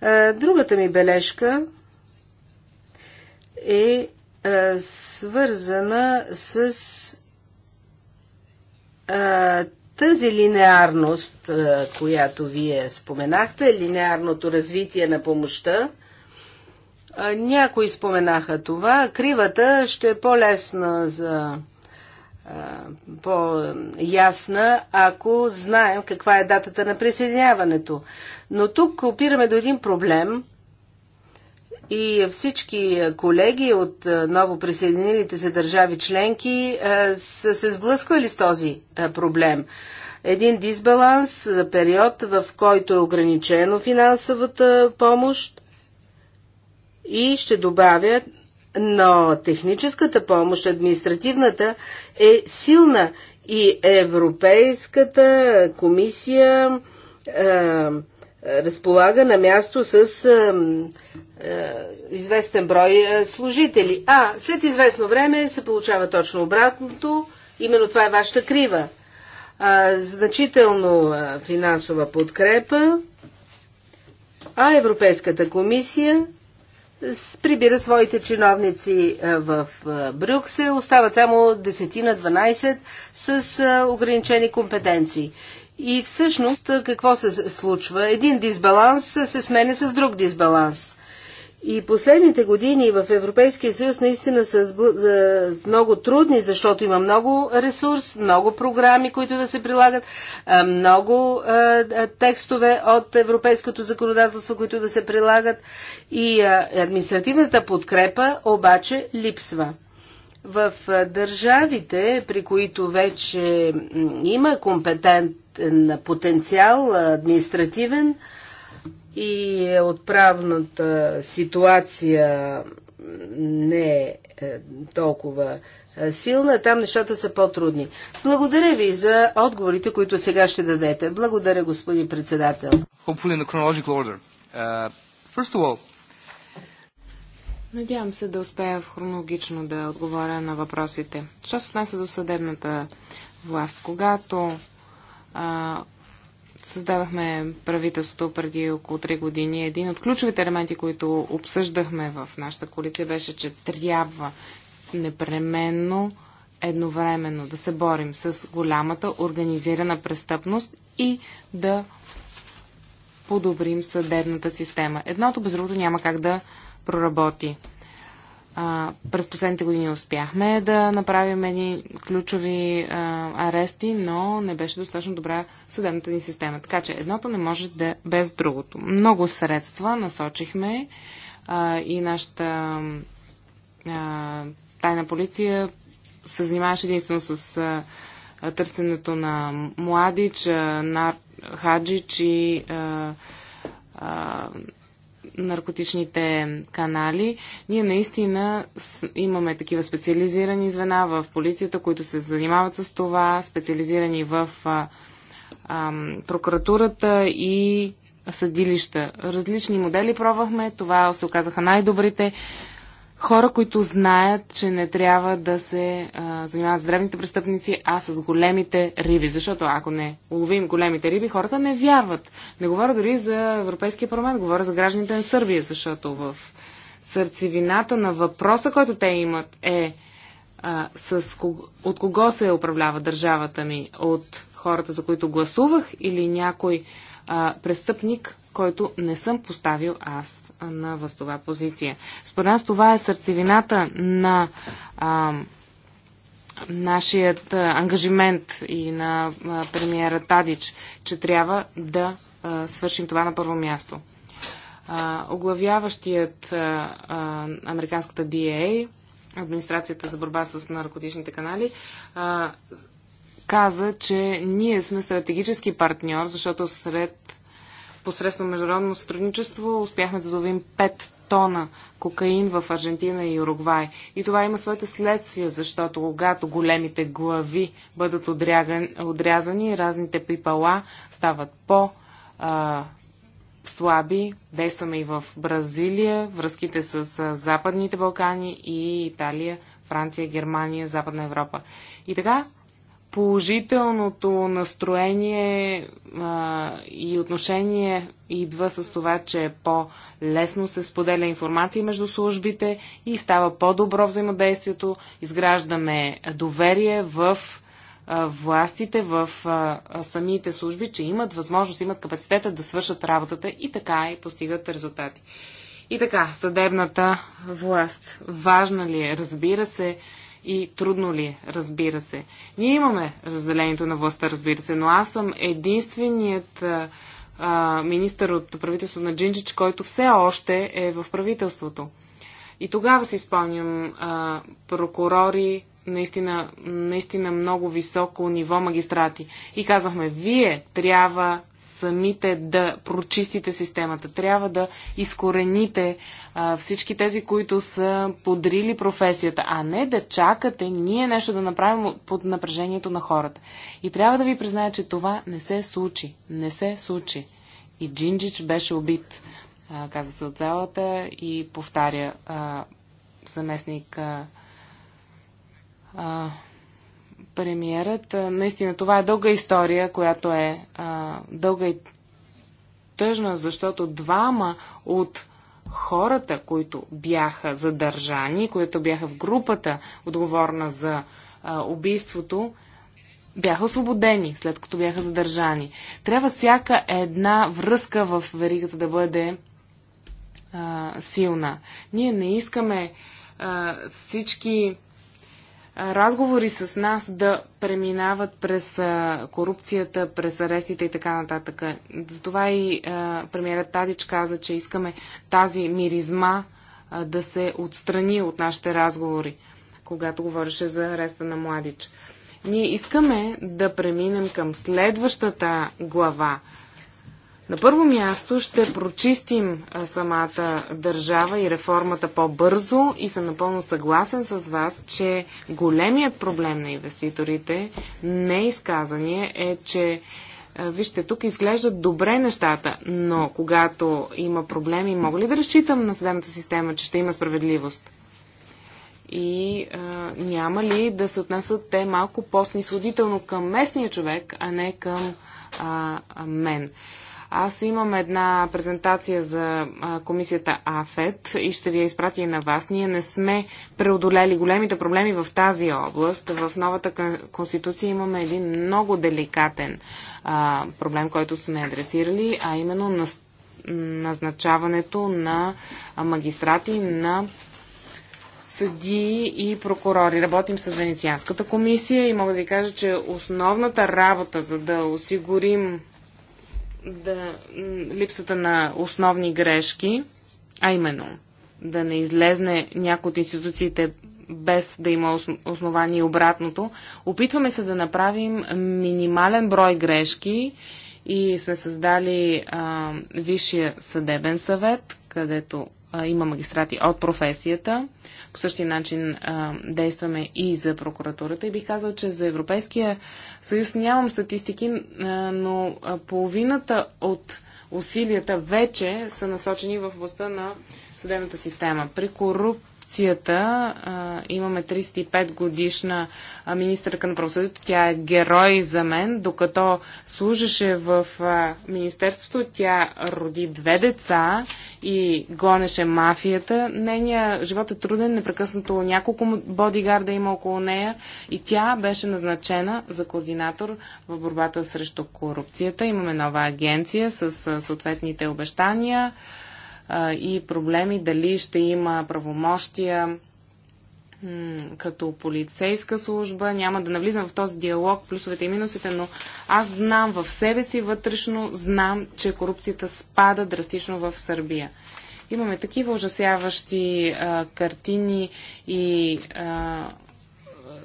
А, другата ми бележка е свързана с а, тази линеарност, а, която вие споменахте, линеарното развитие на помощта. Някои споменаха това. Кривата ще е по-лесна за по-ясна, ако знаем каква е датата на присъединяването. Но тук опираме до един проблем – и всички е, колеги от е, ново присъединилите се държави членки е, са се сблъсквали с този проблем. Един дисбаланс за период, в който е ограничено финансовата помощ и ще добавя, но техническата помощ, административната е силна и Европейската комисия е, разполага на място с е, известен брой е, служители. А след известно време се получава точно обратното. Именно това е вашата крива. значително финансова подкрепа, а Европейската комисия прибира своите чиновници в Брюксел, остават само 10-12 на с ограничени компетенции. И всъщност какво се случва? Един дисбаланс се сменя с друг дисбаланс. И последните години в Европейския съюз наистина са много трудни, защото има много ресурс, много програми, които да се прилагат, много текстове от европейското законодателство, които да се прилагат и административната подкрепа обаче липсва. В държавите, при които вече има компетент потенциал административен и е отправната ситуация не е, е толкова е, силна, там нещата са по-трудни. Благодаря ви за отговорите, които сега ще дадете. Благодаря, господин председател. Uh, Надявам се да успея в хронологично да отговоря на въпросите. Що се отнася до съдебната власт? Когато а, създавахме правителството преди около 3 години. Един от ключовите елементи, които обсъждахме в нашата коалиция, беше, че трябва непременно едновременно да се борим с голямата организирана престъпност и да подобрим съдебната система. Едното без другото няма как да проработи а, през последните години успяхме да направим едни ключови а, арести, но не беше достатъчно добра съдебната ни система. Така че едното не може да без другото. Много средства насочихме а, и нашата а, тайна полиция се занимаваше единствено с а, търсенето на Младич, а, Нар, Хаджич и а, а, наркотичните канали. Ние наистина имаме такива специализирани звена в полицията, които се занимават с това, специализирани в а, а, прокуратурата и съдилища. Различни модели пробвахме, това се оказаха най-добрите хора, които знаят, че не трябва да се а, занимават с древните престъпници, а с големите риби. Защото ако не уловим големите риби, хората не вярват. Не говоря дори за Европейския парламент, говоря за гражданите на Сърбия, защото в сърцевината на въпроса, който те имат е а, с кого, от кого се управлява държавата ми? От хората, за които гласувах или някой а, престъпник, който не съм поставил аз на възтова позиция. Според нас това е сърцевината на а, нашият ангажимент и на премиера Тадич, че трябва да а, свършим това на първо място. А, оглавяващият а, а, американската DA, Администрацията за борба с наркотичните канали, а, каза, че ние сме стратегически партньор, защото сред посредством международно сътрудничество успяхме да заловим 5 тона кокаин в Аржентина и Уругвай. И това има своите следствия, защото когато големите глави бъдат отрязани, разните пипала стават по- а, слаби. Действаме и в Бразилия, връзките с а, Западните Балкани и Италия, Франция, Германия, Западна Европа. И така, положителното настроение а, и отношение идва с това, че е по-лесно се споделя информация между службите и става по-добро взаимодействието. Изграждаме доверие в а, властите, в а, самите служби, че имат възможност, имат капацитета да свършат работата и така и постигат резултати. И така, съдебната власт. Важна ли е? Разбира се, и трудно ли, е? разбира се. Ние имаме разделението на властта, разбира се, но аз съм единственият а, министър от правителството на Джинджич, който все още е в правителството. И тогава си спомням а, прокурори, наистина, наистина много високо ниво магистрати. И казахме, вие трябва самите да прочистите системата, трябва да изкорените а, всички тези, които са подрили професията, а не да чакате ние нещо да направим под напрежението на хората. И трябва да ви призная, че това не се случи. Не се случи. И Джинджич беше убит, а, каза се от залата и повтаря а, заместник. А, а, премиерът. Наистина това е дълга история, която е а, дълга и тъжна, защото двама от хората, които бяха задържани, които бяха в групата отговорна за а, убийството, бяха освободени, след като бяха задържани. Трябва всяка една връзка в веригата да бъде а, силна. Ние не искаме а, всички разговори с нас да преминават през корупцията, през арестите и така нататък. Затова и премиерът Тадич каза, че искаме тази миризма да се отстрани от нашите разговори, когато говореше за ареста на Младич. Ние искаме да преминем към следващата глава, на първо място ще прочистим самата държава и реформата по-бързо и съм напълно съгласен с вас, че големият проблем на инвеститорите, не изказание, е, че вижте, тук изглеждат добре нещата, но когато има проблеми, мога ли да разчитам на съдебната система, че ще има справедливост? И а, няма ли да се отнесат те малко по-снисходително към местния човек, а не към а, мен? Аз имам една презентация за комисията АФЕТ и ще ви я изпратя и на вас. Ние не сме преодолели големите проблеми в тази област. В новата конституция имаме един много деликатен а, проблем, който сме адресирали, а именно на назначаването на магистрати на съдии и прокурори. Работим с Венецианската комисия и мога да ви кажа, че основната работа, за да осигурим да, липсата на основни грешки, а именно да не излезне някой от институциите без да има основание обратното. Опитваме се да направим минимален брой грешки и сме създали а, Висшия съдебен съвет, където има магистрати от професията. По същия начин а, действаме и за прокуратурата. И бих казал, че за Европейския съюз нямам статистики, а, но половината от усилията вече са насочени в областта на съдебната система. При коруп корупцията. А, имаме 35 годишна министърка на правосъдието. Тя е герой за мен. Докато служеше в а, министерството, тя роди две деца и гонеше мафията. Нейният живот е труден, непрекъснато няколко бодигарда има около нея и тя беше назначена за координатор в борбата срещу корупцията. Имаме нова агенция с съответните обещания и проблеми, дали ще има правомощия като полицейска служба. Няма да навлизам в този диалог, плюсовете и минусите, но аз знам в себе си вътрешно, знам, че корупцията спада драстично в Сърбия. Имаме такива ужасяващи а, картини и а,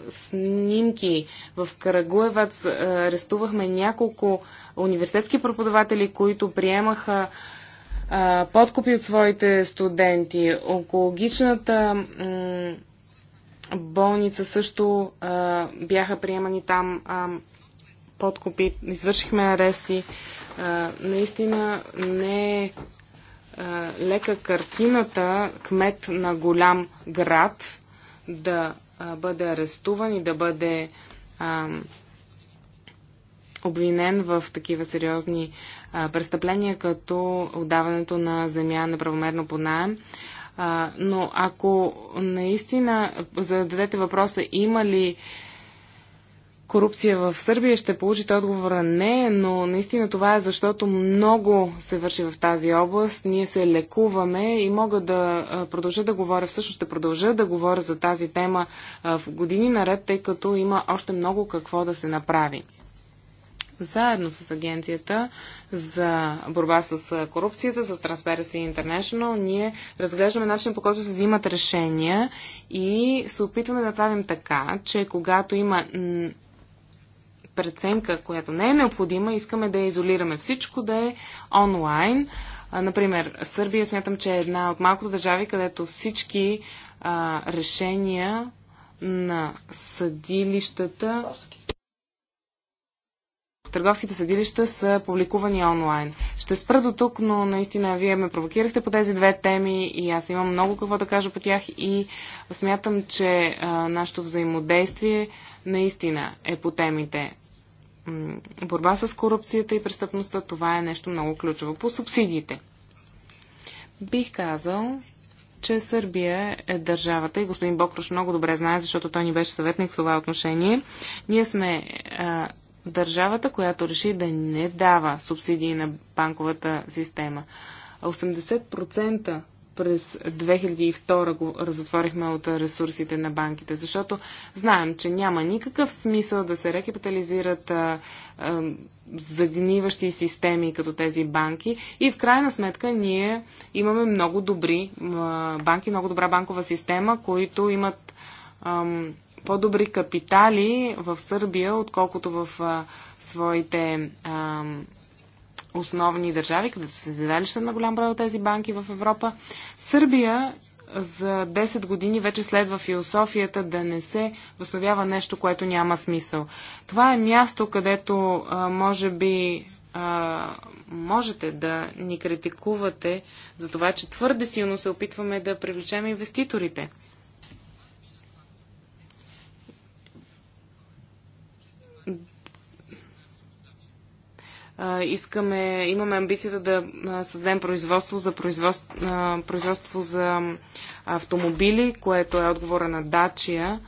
снимки. В Карагуевац арестувахме няколко университетски преподаватели, които приемаха а, подкупи от своите студенти. Онкологичната болница също а, бяха приемани там а, подкупи, извършихме арести. А, наистина не е лека картината кмет на голям град да а, бъде арестуван и да бъде а, обвинен в такива сериозни престъпления, като отдаването на земя неправомерно по найем. Но ако наистина зададете въпроса има ли корупция в Сърбия, ще получите отговора не, но наистина това е защото много се върши в тази област. Ние се лекуваме и мога да продължа да говоря, всъщност ще продължа да говоря за тази тема в години наред, тъй като има още много какво да се направи заедно с агенцията за борба с корупцията, с Transparency International. Ние разглеждаме начин по който се взимат решения и се опитваме да правим така, че когато има преценка, която не е необходима, искаме да изолираме всичко, да е онлайн. Например, Сърбия смятам, че е една от малкото държави, където всички а, решения на съдилищата. Търговски търговските съдилища са публикувани онлайн. Ще спра до тук, но наистина вие ме провокирахте по тези две теми и аз имам много какво да кажа по тях и смятам, че а, нашето взаимодействие наистина е по темите. борба с корупцията и престъпността, това е нещо много ключово. По субсидиите. Бих казал, че Сърбия е държавата и господин Бокрош много добре знае, защото той ни беше съветник в това отношение. Ние сме а, държавата, която реши да не дава субсидии на банковата система. 80% през 2002 го разотворихме от ресурсите на банките, защото знаем, че няма никакъв смисъл да се рекапитализират а, а, загниващи системи като тези банки и в крайна сметка ние имаме много добри а, банки, много добра банкова система, които имат по-добри капитали в Сърбия, отколкото в а, своите а, основни държави, където са седалища на голям брой от тези банки в Европа. Сърбия за 10 години вече следва философията да не се възстановява нещо, което няма смисъл. Това е място, където а, може би а, можете да ни критикувате за това, че твърде силно се опитваме да привлечем инвеститорите. искаме, имаме амбицията да създадем производство за производство, производство за автомобили, което е отговора на Дачия.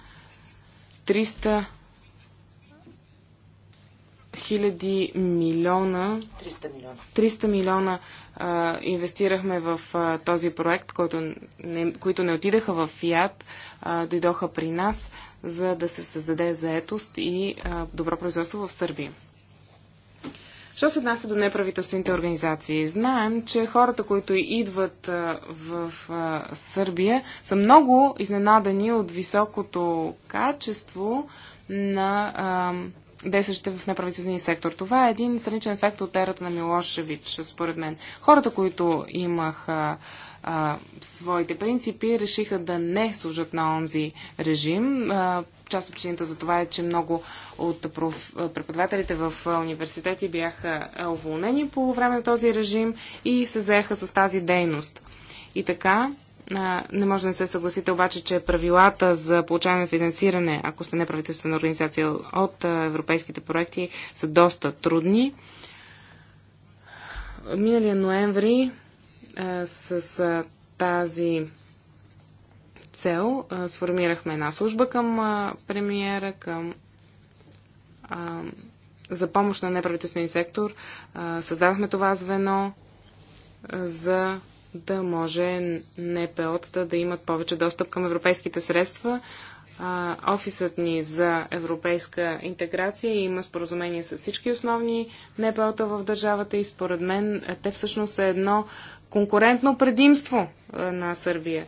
300 хиляди милиона. 300 милиона. 300 милиона а, инвестирахме в а, този проект, който не, които не отидаха в Фиат, а, дойдоха при нас, за да се създаде заетост и а, добро производство в Сърбия. Що се отнася до неправителствените организации? Знаем, че хората, които идват в Сърбия, са много изненадани от високото качество на действащите в неправителствения сектор. Това е един страничен ефект от ерата на Милошевич, според мен. Хората, които имаха а, своите принципи, решиха да не служат на онзи режим. А, част от причината за това е, че много от проф... преподавателите в университети бяха уволнени по време на този режим и се заеха с тази дейност. И така, не може да не се съгласите обаче, че правилата за получаване на финансиране, ако сте неправителствена организация от европейските проекти, са доста трудни. Миналия ноември с тази цел сформирахме една служба към премиера, към за помощ на неправителствения сектор. Създавахме това звено за да може НПО-тата да имат повече достъп към европейските средства. офисът ни за европейска интеграция има споразумение с всички основни НПО-та в държавата и според мен те всъщност са едно конкурентно предимство на Сърбия.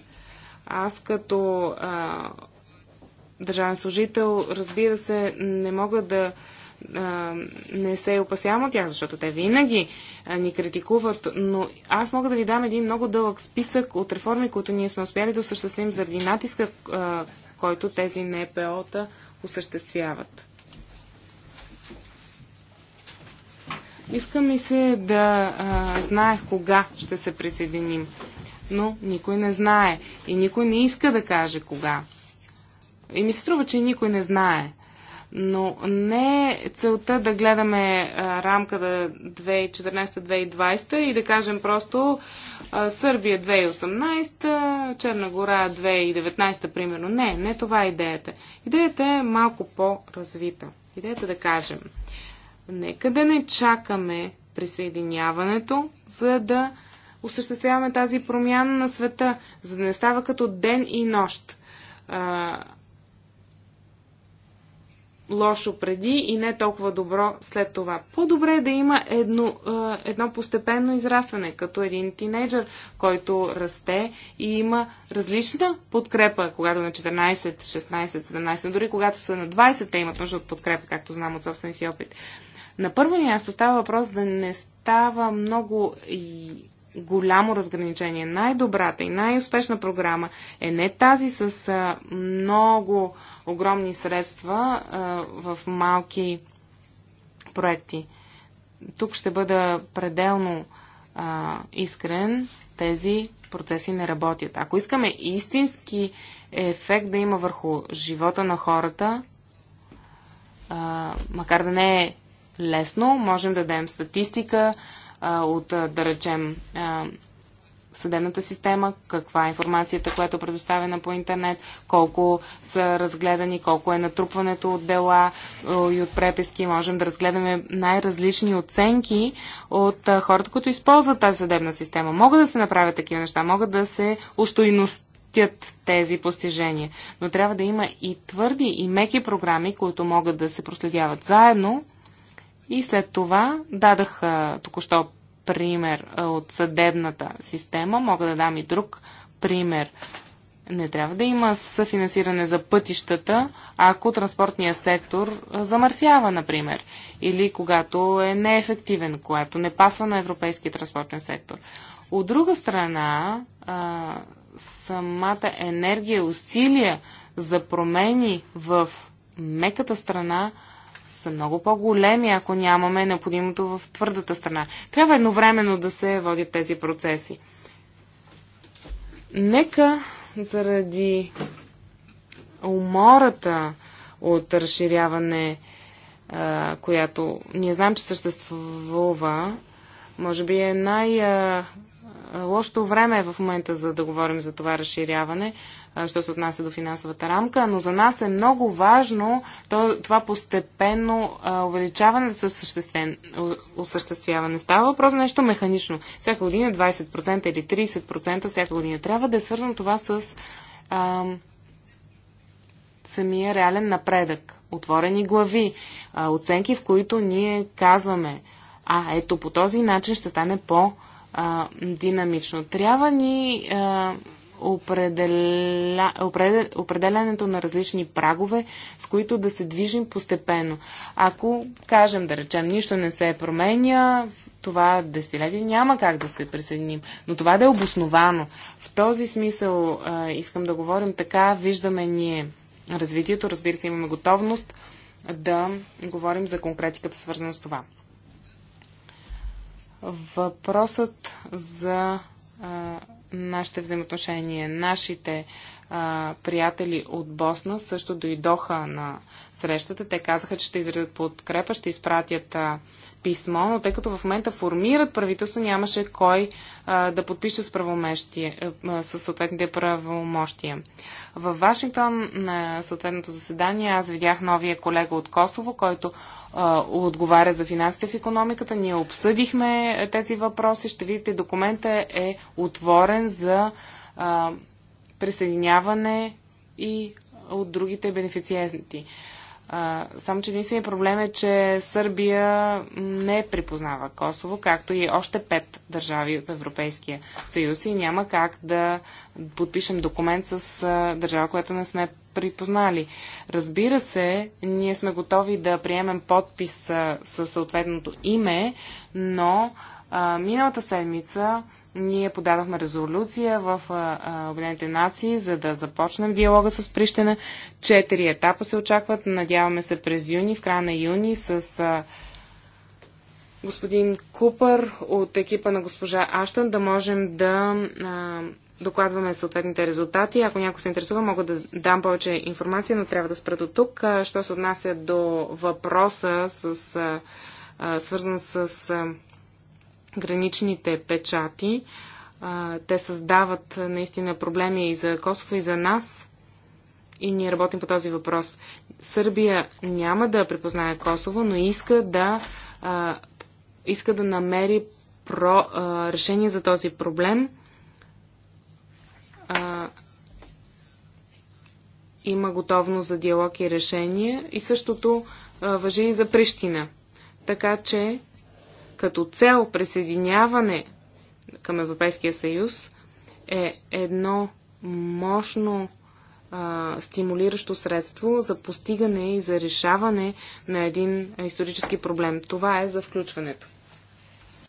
Аз като а, държавен служител, разбира се, не мога да не се опасявам от тях, защото те винаги ни критикуват, но аз мога да ви дам един много дълъг списък от реформи, които ние сме успяли да осъществим заради натиска, който тези НПО-та осъществяват. Искам и се да а, знаех кога ще се присъединим, но никой не знае и никой не иска да каже кога. И ми се струва, че никой не знае. Но не е целта да гледаме а, рамката 2014-2020 и да кажем просто а, Сърбия 2018, Черна гора 2019 примерно. Не, не това е идеята. Идеята е малко по-развита. Идеята е да кажем, нека да не чакаме присъединяването, за да осъществяваме тази промяна на света, за да не става като ден и нощ. А, лошо преди и не толкова добро след това. По-добре е да има едно, едно постепенно израстване, като един тинейджър, който расте и има различна подкрепа, когато на 14, 16, 17, дори когато са на 20, те имат нужда от подкрепа, както знам от собствения си опит. На първо място става въпрос да не става много и голямо разграничение. Най-добрата и най-успешна програма е не тази с много огромни средства в малки проекти. Тук ще бъда пределно а, искрен. Тези процеси не работят. Ако искаме истински ефект да има върху живота на хората, а, макар да не е лесно, можем да дадем статистика а, от, да речем, а, съдебната система, каква е информацията, която е предоставена по интернет, колко са разгледани, колко е натрупването от дела и от преписки. Можем да разгледаме най-различни оценки от хората, които използват тази съдебна система. Могат да се направят такива неща, могат да се устойност тези постижения. Но трябва да има и твърди и меки програми, които могат да се проследяват заедно. И след това дадах току-що пример от съдебната система. Мога да дам и друг пример. Не трябва да има съфинансиране за пътищата, ако транспортният сектор замърсява, например, или когато е неефективен, когато не пасва на европейския транспортен сектор. От друга страна, самата енергия, усилия за промени в меката страна са много по-големи, ако нямаме необходимото в твърдата страна. Трябва едновременно да се водят тези процеси. Нека заради умората от разширяване, която ние знам, че съществува, може би е най- лошото време е в момента за да говорим за това разширяване, що се отнася до финансовата рамка, но за нас е много важно това постепенно увеличаване да се осъществяване. Става въпрос за нещо механично. Всяка година 20% или 30% всяка година. Трябва да е свързано това с ам, самия реален напредък. Отворени глави, оценки, в които ние казваме, а ето по този начин ще стане по- а, динамично. Трябва ни а, определя, определянето на различни прагове, с които да се движим постепенно. Ако кажем, да речем, нищо не се променя, това десетилетие няма как да се присъединим. Но това да е обосновано. В този смисъл а, искам да говорим така, виждаме ние развитието, разбира се, имаме готовност да говорим за конкретиката, свързана с това въпросът за а, нашите взаимоотношения, нашите а, приятели от Босна също дойдоха на срещата. Те казаха, че ще изразят подкрепа, ще изпратят а, писмо, но тъй като в момента формират правителство, нямаше кой а, да подпише с, е, а, с съответните правомощия. В Вашингтон на съответното заседание аз видях новия колега от Косово, който а, отговаря за финансите в економиката. Ние обсъдихме е, тези въпроси. Ще видите, документа е отворен за а, присъединяване и от другите бенефициенти. само, че единствения проблем е, че Сърбия не припознава Косово, както и още пет държави от Европейския съюз и няма как да подпишем документ с държава, която не сме припознали. Разбира се, ние сме готови да приемем подпис със съответното име, но а, миналата седмица ние подадохме резолюция в Обединените нации, за да започнем диалога с Прищена. Четири етапа се очакват. Надяваме се през юни, в края на юни, с а, господин Купър от екипа на госпожа Аштън да можем да а, докладваме съответните резултати. Ако някой се интересува, мога да дам повече информация, но трябва да спра до тук. Що се отнася до въпроса, с, а, свързан с а, граничните печати. те създават наистина проблеми и за Косово, и за нас. И ние работим по този въпрос. Сърбия няма да припознае Косово, но иска да, иска да намери про, решение за този проблем. има готовност за диалог и решение. И същото въжи и за Прищина. Така че като цел присъединяване към Европейския съюз е едно мощно а, стимулиращо средство за постигане и за решаване на един исторически проблем. Това е за включването.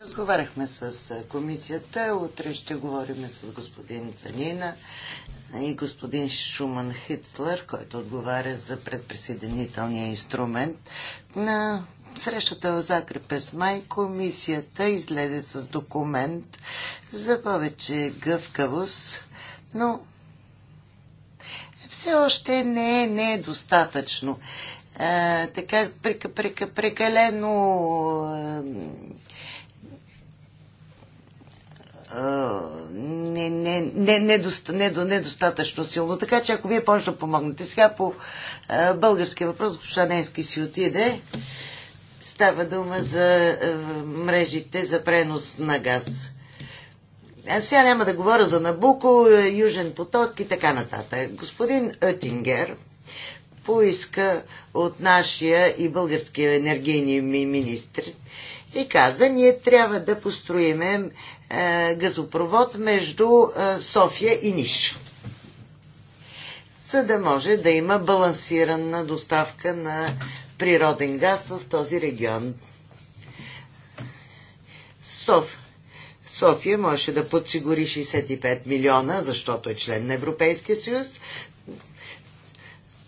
Разговаряхме с комисията. Утре ще говорим с господин Занина и господин Шуман Хицлер, който отговаря за предприсъединителния инструмент. На срещата в Закреп през май комисията излезе с документ за повече гъвкавост, но все още не е, не е достатъчно. А, така прека, прека, прекалено не, не, не, не, не, недостатъчно силно. Така че ако вие може да помогнете сега по а, български въпрос, госпожа Ненски си отиде. Става дума за е, мрежите за пренос на газ. А сега няма да говоря за Набуко, е, Южен поток и така нататък. Господин Оттингер поиска от нашия и българския енергийни министр и каза, ние трябва да построиме е, газопровод между София и Ниш за да може да има балансирана доставка на природен газ в този регион. Соф. София може да подсигури 65 милиона, защото е член на Европейския съюз,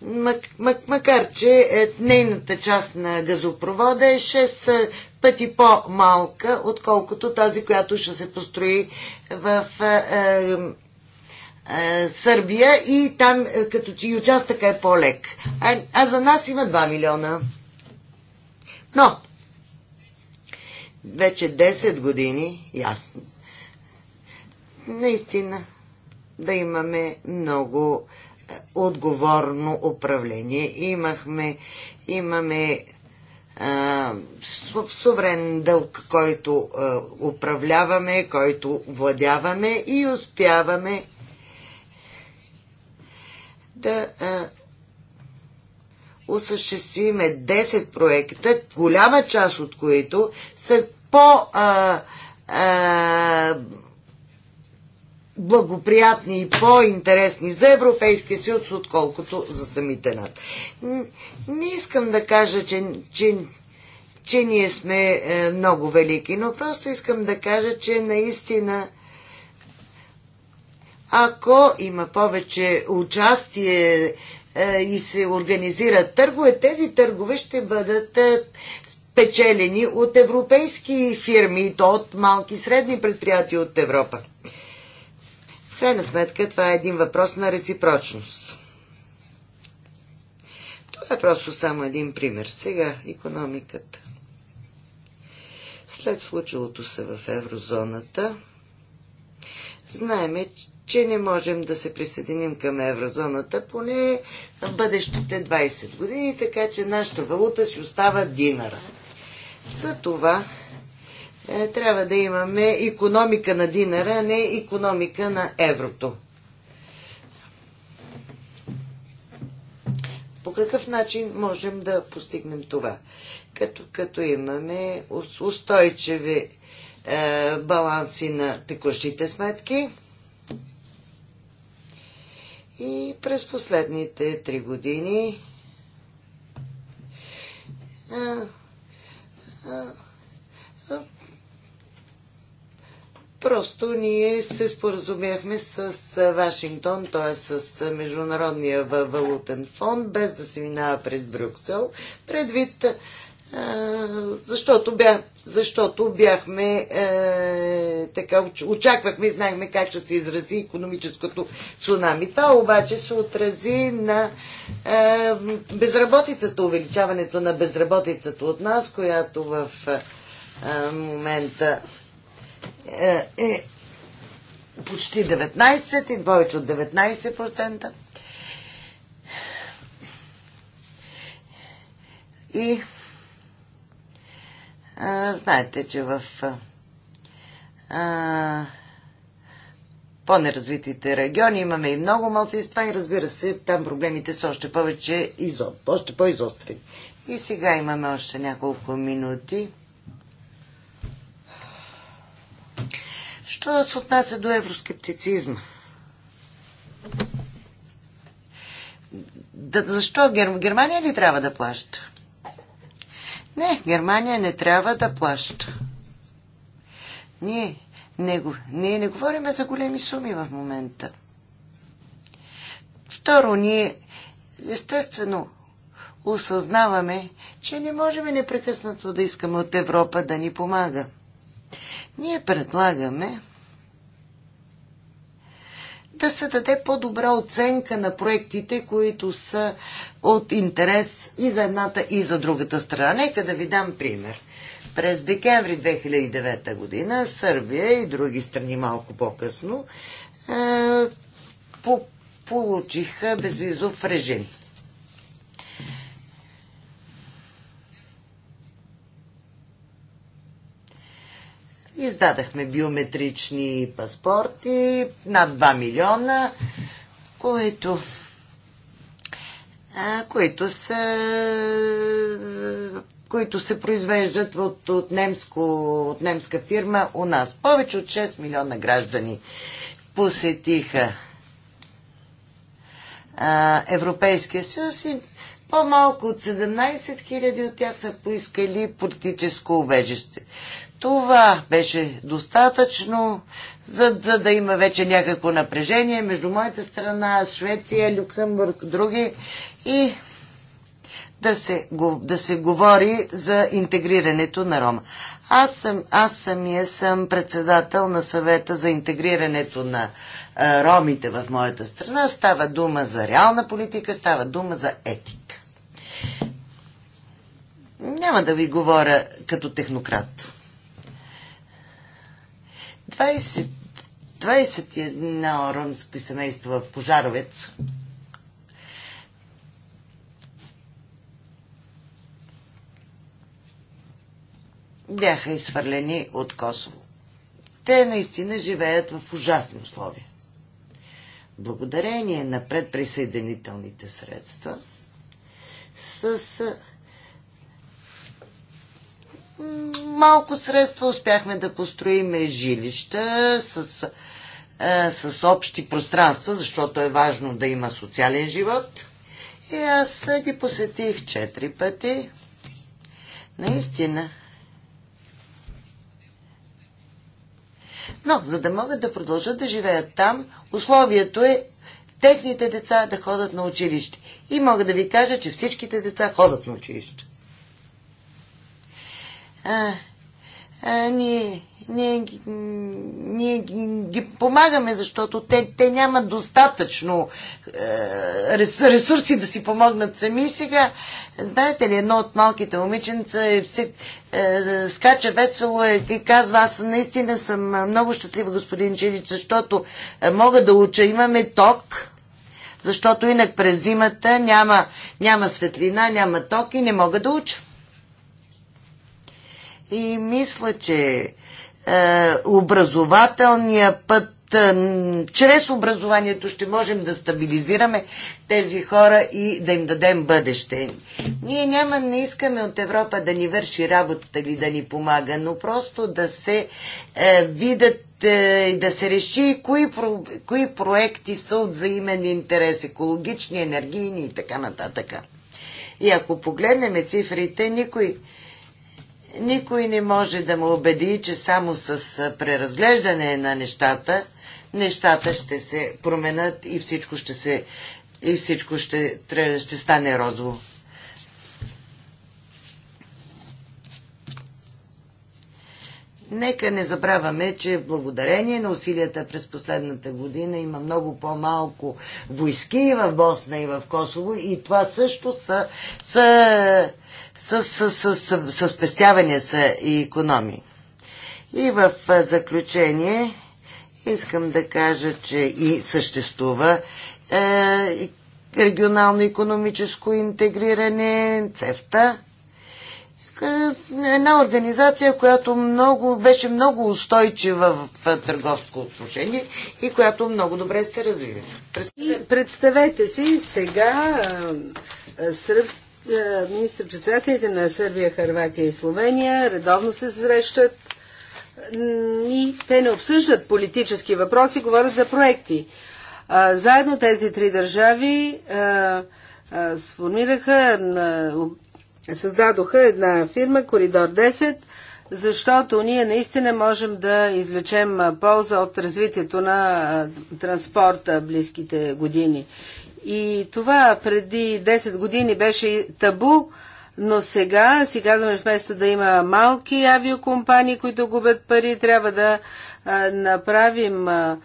Мак, мак, макар че е, нейната част на газопровода е 6 е, пъти по-малка, отколкото тази, която ще се построи в е, е е, Сърбия и там е, като че и участъка е по-лек. А, а за нас има 2 милиона. Но, вече 10 години, ясно, наистина да имаме много е, отговорно управление. Имахме, имаме а, суверен дълг, който а, управляваме, който владяваме и успяваме да а, осъществиме 10 проекта, голяма част от които са по а, а, благоприятни и по-интересни за Европейския съюз, отколкото за самите над. Не искам да кажа, че, че, че ние сме много велики, но просто искам да кажа, че наистина ако има повече участие е, и се организират търгове, тези търгове ще бъдат е, печелени от европейски фирми, то от малки и средни предприятия от Европа. В крайна сметка това е един въпрос на реципрочност. Това е просто само един пример. Сега економиката. След случилото се в еврозоната, знаеме, че не можем да се присъединим към еврозоната поне в бъдещите 20 години, така че нашата валута си остава динара. За това е, трябва да имаме економика на динара, а не економика на еврото. По какъв начин можем да постигнем това? Като, като имаме устойчиви е, баланси на текущите сметки, и през последните три години просто ние се споразумяхме с Вашингтон, т.е. с Международния валутен фонд, без да се минава през Брюксел, предвид защото, бях, защото бяхме е, така, очаквахме и знаехме как ще се изрази економическото цунами. Това обаче се отрази на е, безработицата, увеличаването на безработицата от нас, която в е, момента е, е почти 19 и повече от 19%. И а, знаете, че в а, по-неразвитите региони имаме и много малцинства и разбира се, там проблемите са още повече изо, още по-изострени. И сега имаме още няколко минути. Що се отнася до евроскептицизма? Да, защо Германия ли трябва да плаща? Не, Германия не трябва да плаща. Ние не, ние не говорим за големи суми в момента. Второ, ние естествено осъзнаваме, че не можем непрекъснато да искаме от Европа да ни помага. Ние предлагаме да се даде по-добра оценка на проектите, които са от интерес и за едната, и за другата страна. Нека да ви дам пример. През декември 2009 година Сърбия и други страни малко по-късно е, по получиха безвизов режим. Издадахме биометрични паспорти, над 2 милиона, които които са които се произвеждат от, от, немско, от немска фирма у нас. Повече от 6 милиона граждани посетиха а, Европейския съюз и по-малко от 17 хиляди от тях са поискали политическо убежище. Това беше достатъчно, за, за да има вече някакво напрежение между моята страна, Швеция, Люксембург, други и да се, да се говори за интегрирането на Рома. Аз, съм, аз самия съм председател на съвета за интегрирането на а, ромите в моята страна. Става дума за реална политика, става дума за етика. Няма да ви говоря като технократ. 21 ромски семейства в Пожаровец. бяха изхвърлени от Косово. Те наистина живеят в ужасни условия. Благодарение на предприсъединителните средства, с малко средства успяхме да построим жилища с, е, с общи пространства, защото е важно да има социален живот. И аз ги посетих четири пъти. Наистина. Но, за да могат да продължат да живеят там, условието е техните деца да ходят на училище. И мога да ви кажа, че всичките деца ходят на училище а, а, ние, ние, ние ги, ги помагаме, защото те, те нямат достатъчно е, ресурси да си помогнат сами. Сега, знаете ли, едно от малките момиченца е, е, скача весело е, и казва, аз наистина съм много щастлива, господин Чилич, защото е, мога да уча, имаме ток, защото инак през зимата няма, няма светлина, няма ток и не мога да уча. И мисля, че е, образователния път, е, чрез образованието ще можем да стабилизираме тези хора и да им дадем бъдеще. Ние няма, не искаме от Европа да ни върши работата или да ни помага, но просто да се е, видят е, и да се реши кои, про, кои проекти са от взаимен интерес, екологични, енергийни и така нататък. И ако погледнем цифрите, никой никой не може да му убеди, че само с преразглеждане на нещата, нещата ще се променят и всичко ще, се, и всичко ще, ще стане розово. Нека не забравяме, че благодарение на усилията през последната година има много по-малко войски в Босна и в Косово и това също са, са с, с, с, с, с спестявания са и економии. И в заключение искам да кажа, че и съществува е, регионално-економическо интегриране, ЦЕФТА, е, една организация, която много, беше много устойчива в търговско отношение и която много добре се развива. Представете си сега е, е, сръбски е, министр-председателите на Сърбия, Харватия и Словения редовно се срещат и те не обсъждат политически въпроси, говорят за проекти. Е, заедно тези три държави е, сформираха, създадоха една фирма, Коридор 10, защото ние наистина можем да извлечем полза от развитието на транспорта близките години. И това преди 10 години беше табу, но сега си казваме, вместо да има малки авиокомпании, които губят пари, трябва да а, направим а,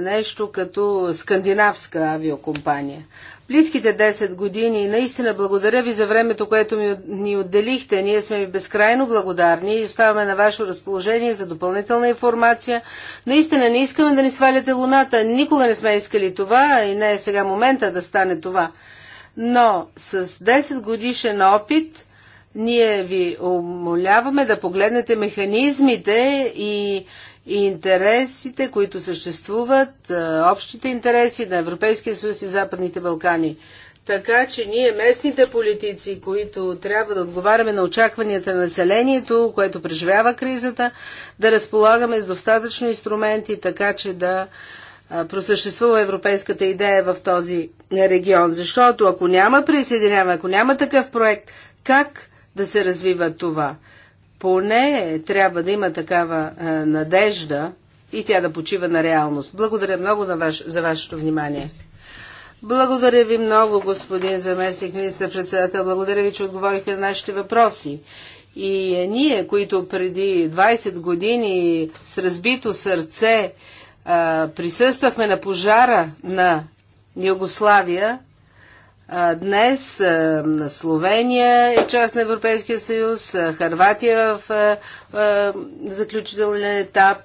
нещо като скандинавска авиокомпания близките 10 години. Наистина благодаря ви за времето, което ми, ни отделихте. Ние сме ви безкрайно благодарни и оставаме на ваше разположение за допълнителна информация. Наистина не искаме да ни сваляте луната. Никога не сме искали това и не е сега момента да стане това. Но с 10 годишен опит ние ви умоляваме да погледнете механизмите и и интересите, които съществуват, общите интереси на Европейския съюз и Западните Балкани. Така че ние, местните политици, които трябва да отговаряме на очакванията на населението, което преживява кризата, да разполагаме с достатъчно инструменти, така че да просъществува европейската идея в този регион. Защото ако няма присъединяване, ако няма такъв проект, как да се развива това? поне трябва да има такава е, надежда и тя да почива на реалност. Благодаря много на ваш, за вашето внимание. Благодаря ви много, господин заместник министър председател. Благодаря ви, че отговорихте на нашите въпроси. И е, ние, които преди 20 години с разбито сърце а, присъствахме на пожара на Югославия, Днес Словения е част на Европейския съюз, Харватия в заключителен етап,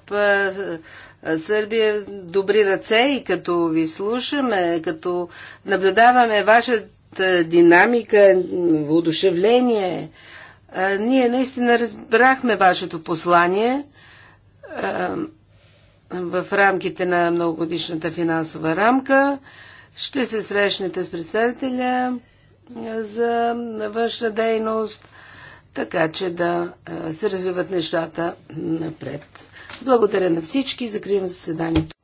Сърбия добри ръце и като ви слушаме, като наблюдаваме вашата динамика, воодушевление, ние наистина разбрахме вашето послание в рамките на многогодишната финансова рамка. Ще се срещнете с представителя за външна дейност, така че да се развиват нещата напред. Благодаря на всички. Закривам заседанието.